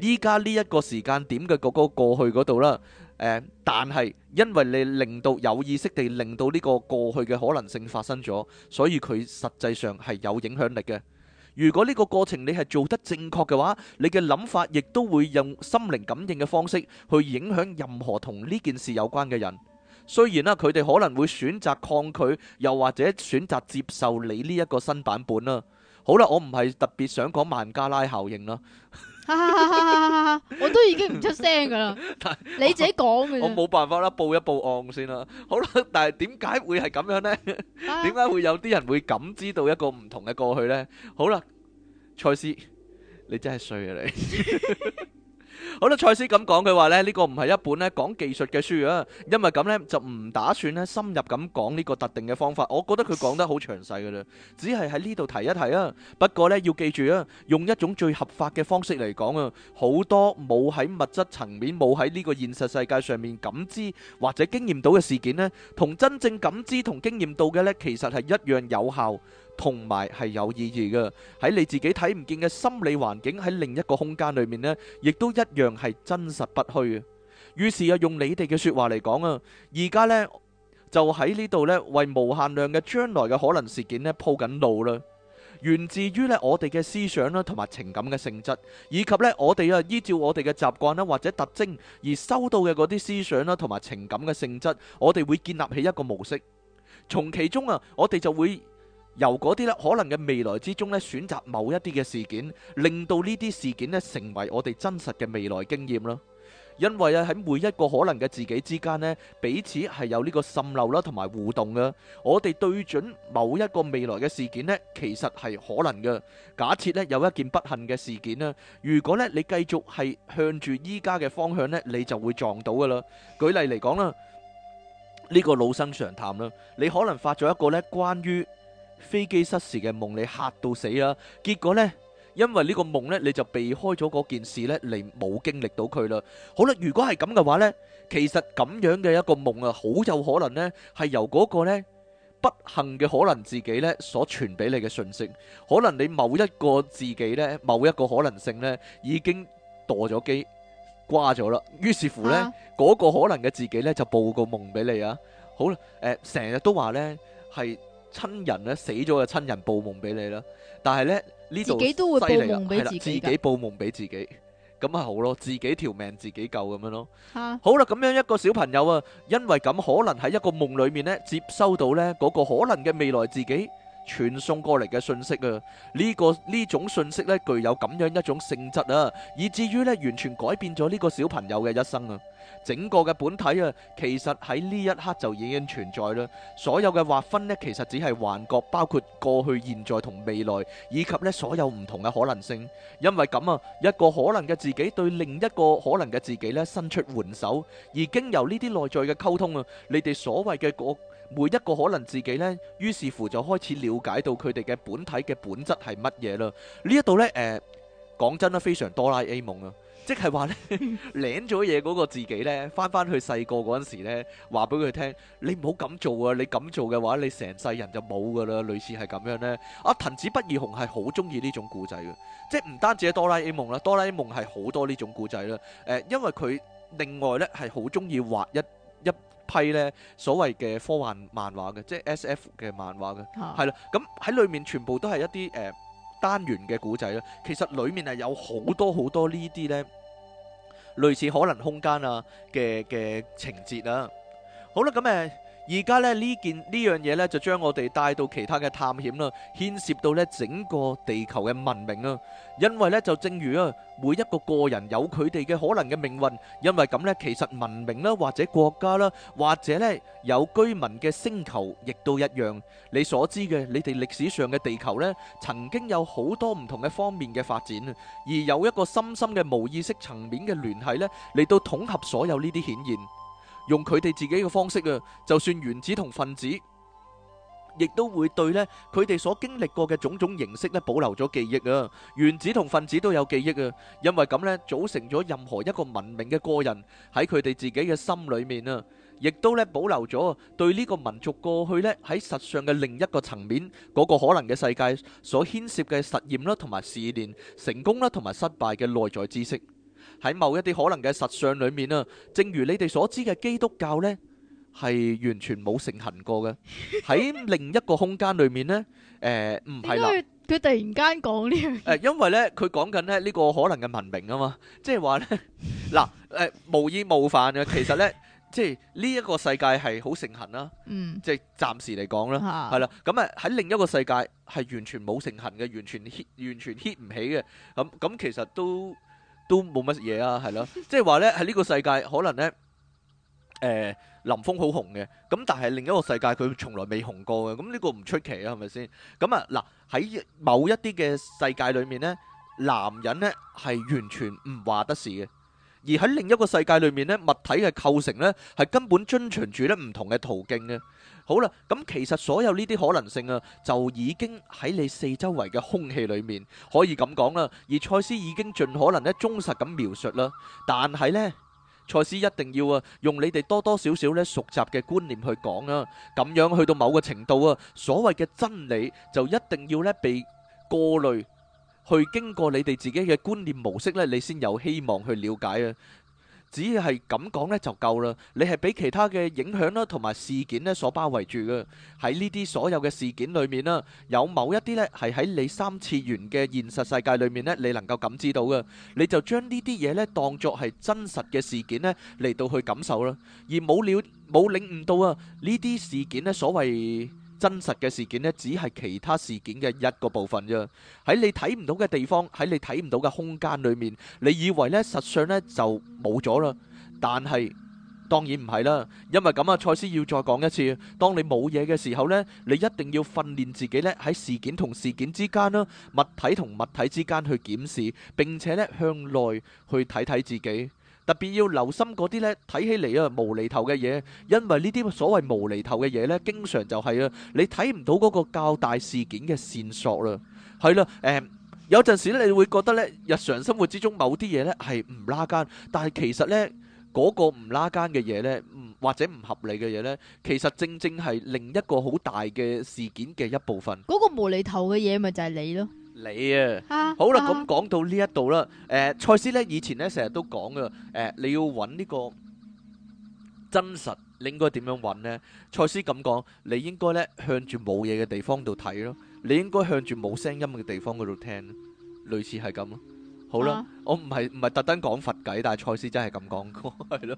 依家呢一個時間點嘅嗰個過去嗰度啦，誒，但係因為你令到有意識地令到呢個過去嘅可能性發生咗，所以佢實際上係有影響力嘅。如果呢個過程你係做得正確嘅話，你嘅諗法亦都會用心靈感應嘅方式去影響任何同呢件事有關嘅人。雖然啦，佢哋可能會選擇抗拒，又或者選擇接受你呢一個新版本啦。好啦，我唔係特別想講曼德拉效應啦。 我都已經唔出聲噶啦，但你自己講嘅。我冇辦法啦，報一報案先啦。好啦，但係點解會係咁樣呢？點 解會有啲人會感知到一個唔同嘅過去呢？好啦，蔡思，你真係衰啊你！ 好啦，賽斯咁講佢話咧，呢個唔係一本咧講技術嘅書啊，因為咁咧就唔打算咧深入咁講呢個特定嘅方法。我覺得佢講得好詳細噶啦，只係喺呢度提一提啊。不過咧要記住啊，用一種最合法嘅方式嚟講啊，好多冇喺物質層面冇喺呢個現實世界上面感知或者經驗到嘅事件咧，同真正感知同經驗到嘅咧，其實係一樣有效。同埋係有意義嘅，喺你自己睇唔見嘅心理環境，喺另一個空間裏面呢，亦都一樣係真實不虛啊。於是啊，用你哋嘅說話嚟講啊，而家呢，就喺呢度呢，為無限量嘅將來嘅可能事件呢鋪緊路啦。源自於呢，我哋嘅思想啦，同埋情感嘅性質，以及呢，我哋啊依照我哋嘅習慣啦或者特徵而收到嘅嗰啲思想啦同埋情感嘅性質，我哋會建立起一個模式，從其中啊，我哋就會。由嗰啲咧可能嘅未來之中咧，選擇某一啲嘅事件，令到呢啲事件咧成為我哋真實嘅未來經驗啦。因為啊喺每一個可能嘅自己之間咧，彼此係有呢個滲漏啦，同埋互動㗎。我哋對準某一個未來嘅事件咧，其實係可能㗎。假設咧有一件不幸嘅事件啦，如果咧你繼續係向住依家嘅方向咧，你就會撞到㗎啦。舉例嚟講啦，呢個老生常談啦，你可能發咗一個咧關於。飛機失事嘅夢你嚇到死啦，結果咧，因為呢個夢咧，你就避開咗嗰件事咧，你冇經歷到佢啦。好啦，如果係咁嘅話咧，其實咁樣嘅一個夢啊，好有可能咧係由嗰個咧不幸嘅可能自己咧所傳俾你嘅訊息，可能你某一個自己咧，某一個可能性咧已經墮咗機瓜咗啦，於是乎咧，嗰個可能嘅自己咧就報個夢俾你啊。好啦，誒，成日都話咧係。親人咧死咗嘅親人報夢俾你啦，但係咧呢度犀利啦，係啦，自己報夢俾自己，咁咪好咯，自己條命自己救咁樣咯。哈 好啦，咁樣一個小朋友啊，因為咁可能喺一個夢裏面咧接收到呢嗰個可能嘅未來自己。傳送過嚟嘅信息啊，呢個呢種信息呢，具有咁樣一種性質啊，以至於呢完全改變咗呢個小朋友嘅一生啊。整個嘅本體啊，其實喺呢一刻就已經存在啦。所有嘅劃分呢，其實只係幻覺，包括過去、現在同未來，以及呢所有唔同嘅可能性。因為咁啊，一個可能嘅自己對另一個可能嘅自己呢，伸出援手。而經由呢啲內在嘅溝通啊，你哋所謂嘅嗰每一個可能自己呢，於是乎就開始了解到佢哋嘅本體嘅本質係乜嘢啦。呢一度呢，誒、呃、講真啦，非常哆啦 A 夢啊，即係話呢，領咗嘢嗰個自己呢，翻翻去細個嗰陣時咧，話俾佢聽，你唔好咁做啊！你咁做嘅話，你成世人就冇噶啦。類似係咁樣呢。阿、啊、藤子不二雄係好中意呢種故仔嘅，即係唔單止係哆啦 A 夢啦，哆啦 A 夢係好多呢種故仔啦、呃。因為佢另外呢，係好中意畫一。批咧，所謂嘅科幻漫畫嘅，即係 S.F. 嘅漫畫嘅，係啦、啊。咁喺裏面全部都係一啲誒、呃、單元嘅古仔咯。其實裏面係有好多好多呢啲咧，類似可能空間啊嘅嘅情節啊。好啦，咁誒。呃而家呢呢件呢樣嘢呢就將我哋帶到其他嘅探險啦，牽涉到呢整個地球嘅文明啦。因為呢就正如啊，每一個個人有佢哋嘅可能嘅命運。因為咁呢，其實文明啦，或者國家啦，或者呢有居民嘅星球，亦都一樣。你所知嘅，你哋歷史上嘅地球呢，曾經有好多唔同嘅方面嘅發展，而有一個深深嘅無意識層面嘅聯繫呢，嚟到統合所有呢啲顯現。用佢哋自己嘅方式啊，就算原子同分子，亦都會對咧佢哋所經歷過嘅種種形式咧保留咗記憶啊。原子同分子都有記憶啊，因為咁咧組成咗任何一個文明嘅個人喺佢哋自己嘅心裏面啊，亦都咧保留咗對呢個民族過去咧喺實上嘅另一個層面嗰個可能嘅世界所牽涉嘅實驗啦，同埋試驗成功啦，同埋失敗嘅內在知識。喺某一啲可能嘅實相裏面啊，正如你哋所知嘅基督教呢，係完全冇盛行過嘅。喺另一個空間裏面呢，誒唔係啦。佢突然間講呢樣。因為呢，佢講緊咧呢個可能嘅文明啊嘛，即係話呢，嗱誒、呃，無意冒犯嘅，其實呢， 即係呢一個世界係好盛行啦，嗯、即係暫時嚟講啦，係啦，咁啊喺另一個世界係完全冇盛行嘅，完全 hit 完全 hit 唔起嘅，咁咁其實都。都冇乜嘢啊，係咯，即係話呢，喺呢個世界可能呢，呃、林峰好紅嘅，咁但係另一個世界佢從來未紅過嘅，咁呢個唔出奇啊，係咪先？咁、嗯、啊，嗱喺某一啲嘅世界裏面呢，男人呢，係完全唔話得事嘅。而喺另一個世界裏面咧，物體嘅構成咧，係根本遵循住咧唔同嘅途徑嘅。好啦，咁其實所有呢啲可能性啊，就已經喺你四周圍嘅空氣裏面可以咁講啦。而賽斯已經盡可能咧忠實咁描述啦，但係咧，賽斯一定要啊用你哋多多少少咧熟習嘅觀念去講啊，咁樣去到某個程度啊，所謂嘅真理就一定要咧被過濾。去經過你哋自己嘅觀念模式呢，你先有希望去了解啊！只要係咁講呢就夠啦。你係俾其他嘅影響啦，同埋事件呢所包圍住嘅。喺呢啲所有嘅事件裏面啦，有某一啲呢係喺你三次元嘅現實世界裏面呢，你能夠感知到嘅，你就將呢啲嘢呢當作係真實嘅事件呢嚟到去感受啦。而冇了冇領悟到啊，呢啲事件呢所謂。真實嘅事件咧，只係其他事件嘅一個部分啫。喺你睇唔到嘅地方，喺你睇唔到嘅空間裏面，你以為咧，實相咧就冇咗啦。但係當然唔係啦，因為咁啊，賽斯要再講一次，當你冇嘢嘅時候咧，你一定要訓練自己咧喺事件同事件之間啦，物體同物體之間去檢視，並且咧向內去睇睇自己。特別要留心嗰啲咧，睇起嚟啊無厘頭嘅嘢，因為呢啲所謂無厘頭嘅嘢咧，經常就係啊，你睇唔到嗰個較大事件嘅線索啦。係啦，誒有陣時咧，你會覺得咧，日常生活之中某啲嘢咧係唔拉更，但係其實咧嗰個唔拉更嘅嘢咧，唔或者唔合理嘅嘢咧，其實正正係另一個好大嘅事件嘅一部分。嗰個無厘頭嘅嘢咪就係你咯。你啊，好啦，咁講到呢一度啦，誒，蔡司呢以前呢成日都講噶，誒，你要揾呢個真實，你應該點樣揾呢？蔡司咁講，你應該呢向住冇嘢嘅地方度睇咯，你應該向住冇聲音嘅地方嗰度聽咯，類似係咁咯。好啦，我唔係唔係特登講佛偈，但係蔡司真係咁講過，係咯。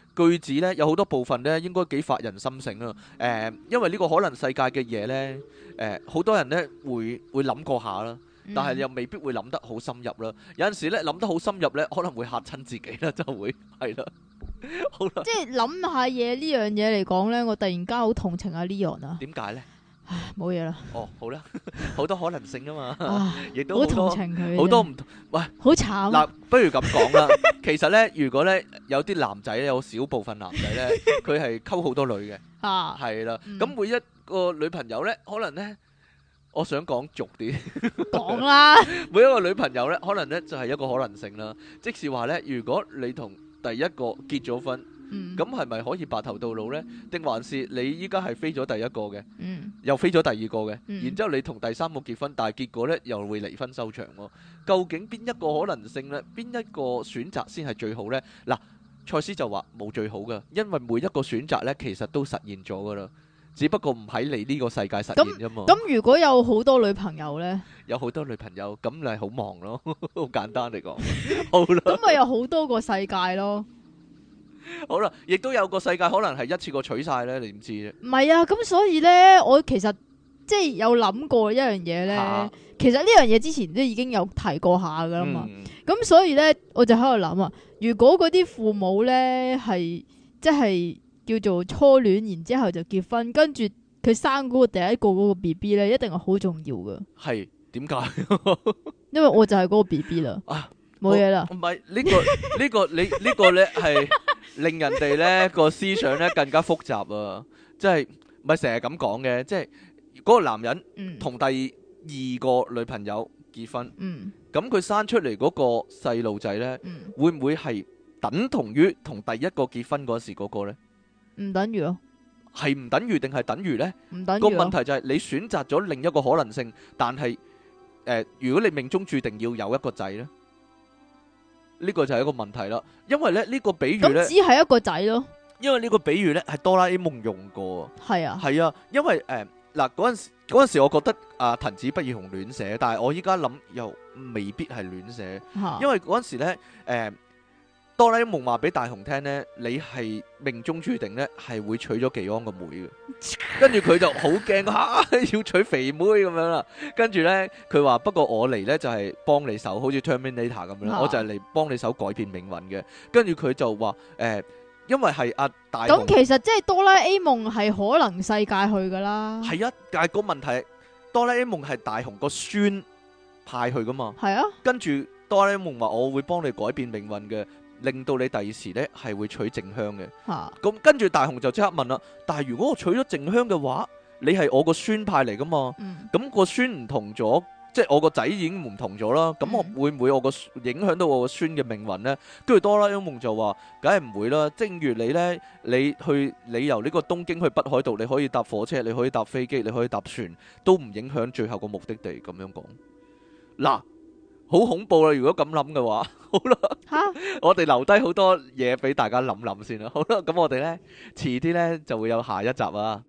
句子呢，有好多部分呢應該幾發人心聲啊！誒、呃，因為呢個可能世界嘅嘢呢，誒、呃，好多人呢會會諗過下啦，但係又未必會諗得好深入啦。嗯、有陣時呢，諗得好深入呢可能會嚇親自己啦，就會係啦。 好啦，即係諗下嘢呢樣嘢嚟講呢，我突然間好同情阿、啊、Leon 啊！點解呢？冇嘢啦。哦，好啦，好多可能性啊嘛。亦唉都好同情佢。好多唔同。喂，好慘、啊。嗱，不如咁講啦。 其實咧，如果咧有啲男仔，有少部分男仔咧，佢係溝好多女嘅。啊，係啦了。咁、嗯、每一個女朋友咧，可能咧，我想講俗啲。講啦吧。 每一個女朋友咧，可能咧就係、是、一個可能性啦。即是話咧，如果你同第一個結咗婚。咁係咪可以白頭到老呢？定還是你依家係飛咗第一個嘅，嗯、又飛咗第二個嘅，嗯、然之後你同第三個結婚，但係結果呢又會離婚收場喎？究竟邊一個可能性呢？邊一個選擇先係最好呢？嗱，賽斯就話冇最好噶，因為每一個選擇呢，其實都實現咗噶啦，只不過唔喺你呢個世界實現啫嘛。咁、嗯嗯嗯、如果有好多女朋友呢？有好多女朋友，咁你係好忙咯，好 簡單嚟講，好啦。咁咪、 嗯、 有好多個世界咯。好啦，亦都有個世界可能係一次過取晒咧，你唔知啫。唔係啊，咁所以咧，我其實即係有諗過一樣嘢咧。啊、其實呢樣嘢之前都已經有提過下噶啦嘛。咁、嗯、所以咧，我就喺度諗啊，如果嗰啲父母咧係即係叫做初戀，然之後就結婚，跟住佢生嗰個第一個嗰個 B B 咧，一定係好重要噶。係點解？為 因為我就係嗰個 B B 啦。啊冇嘢啦，唔係呢個呢個你呢個咧係令人哋咧個思想咧更加複雜啊，即係唔係成日咁講嘅？即係嗰個男人同第二個女朋友結婚，咁佢生出嚟嗰個細路仔咧，會唔會係等同於同第一個結婚嗰時嗰個咧？唔等於咯，係唔等於定係等於咧？唔等於個問題就係你選擇咗另一個可能性，但係誒，如果你命中注定要有一個仔咧？呢個就係一個問題啦，因為咧呢個比喻咧，只係一個仔咯。因為呢個比喻咧係哆啦 A 夢用過。係啊，係啊，因為誒嗱嗰陣嗰陣時，時我覺得啊，藤子不二雄亂寫，但係我依家諗又未必係亂寫，因為嗰陣時咧誒。呃哆啦 A 夢話俾大雄聽咧，你係命中注定咧，係會娶咗技安個妹嘅。 跟住佢就好驚吓，要娶肥妹咁樣啦。跟住咧，佢話不過我嚟咧就係、是、幫你手，好似 Terminator 咁樣，啊、我就係嚟幫你手改變命運嘅。跟住佢就話誒、呃，因為係阿、啊、大雄。」咁、嗯，其實即係哆啦 A 夢係可能世界去噶啦。係啊，但係個問題，哆啦 A 夢係大雄個孫派去噶嘛？係啊。跟住哆啦 A 夢話我會幫你改變命運嘅。令到你第二時咧係會娶靜香嘅，咁、啊、跟住大雄就即刻問啦。但係如果我娶咗靜香嘅話，你係我個孫派嚟㗎嘛？咁個、嗯、孫唔同咗，即係我個仔已經唔同咗啦。咁我會唔會我個影響到我個孫嘅命運呢？嗯，跟住哆啦 A 夢就話：梗係唔會啦。正如你呢，你去你由呢個東京去北海道，你可以搭火車，你可以搭飛機，你可以搭船，都唔影響最後個目的地。咁樣講，嗱。好恐怖啦、啊！如果咁諗嘅話，好啦，哈 我哋留低好多嘢俾大家諗諗先啦。好啦，咁我哋呢，遲啲呢就會有下一集啊。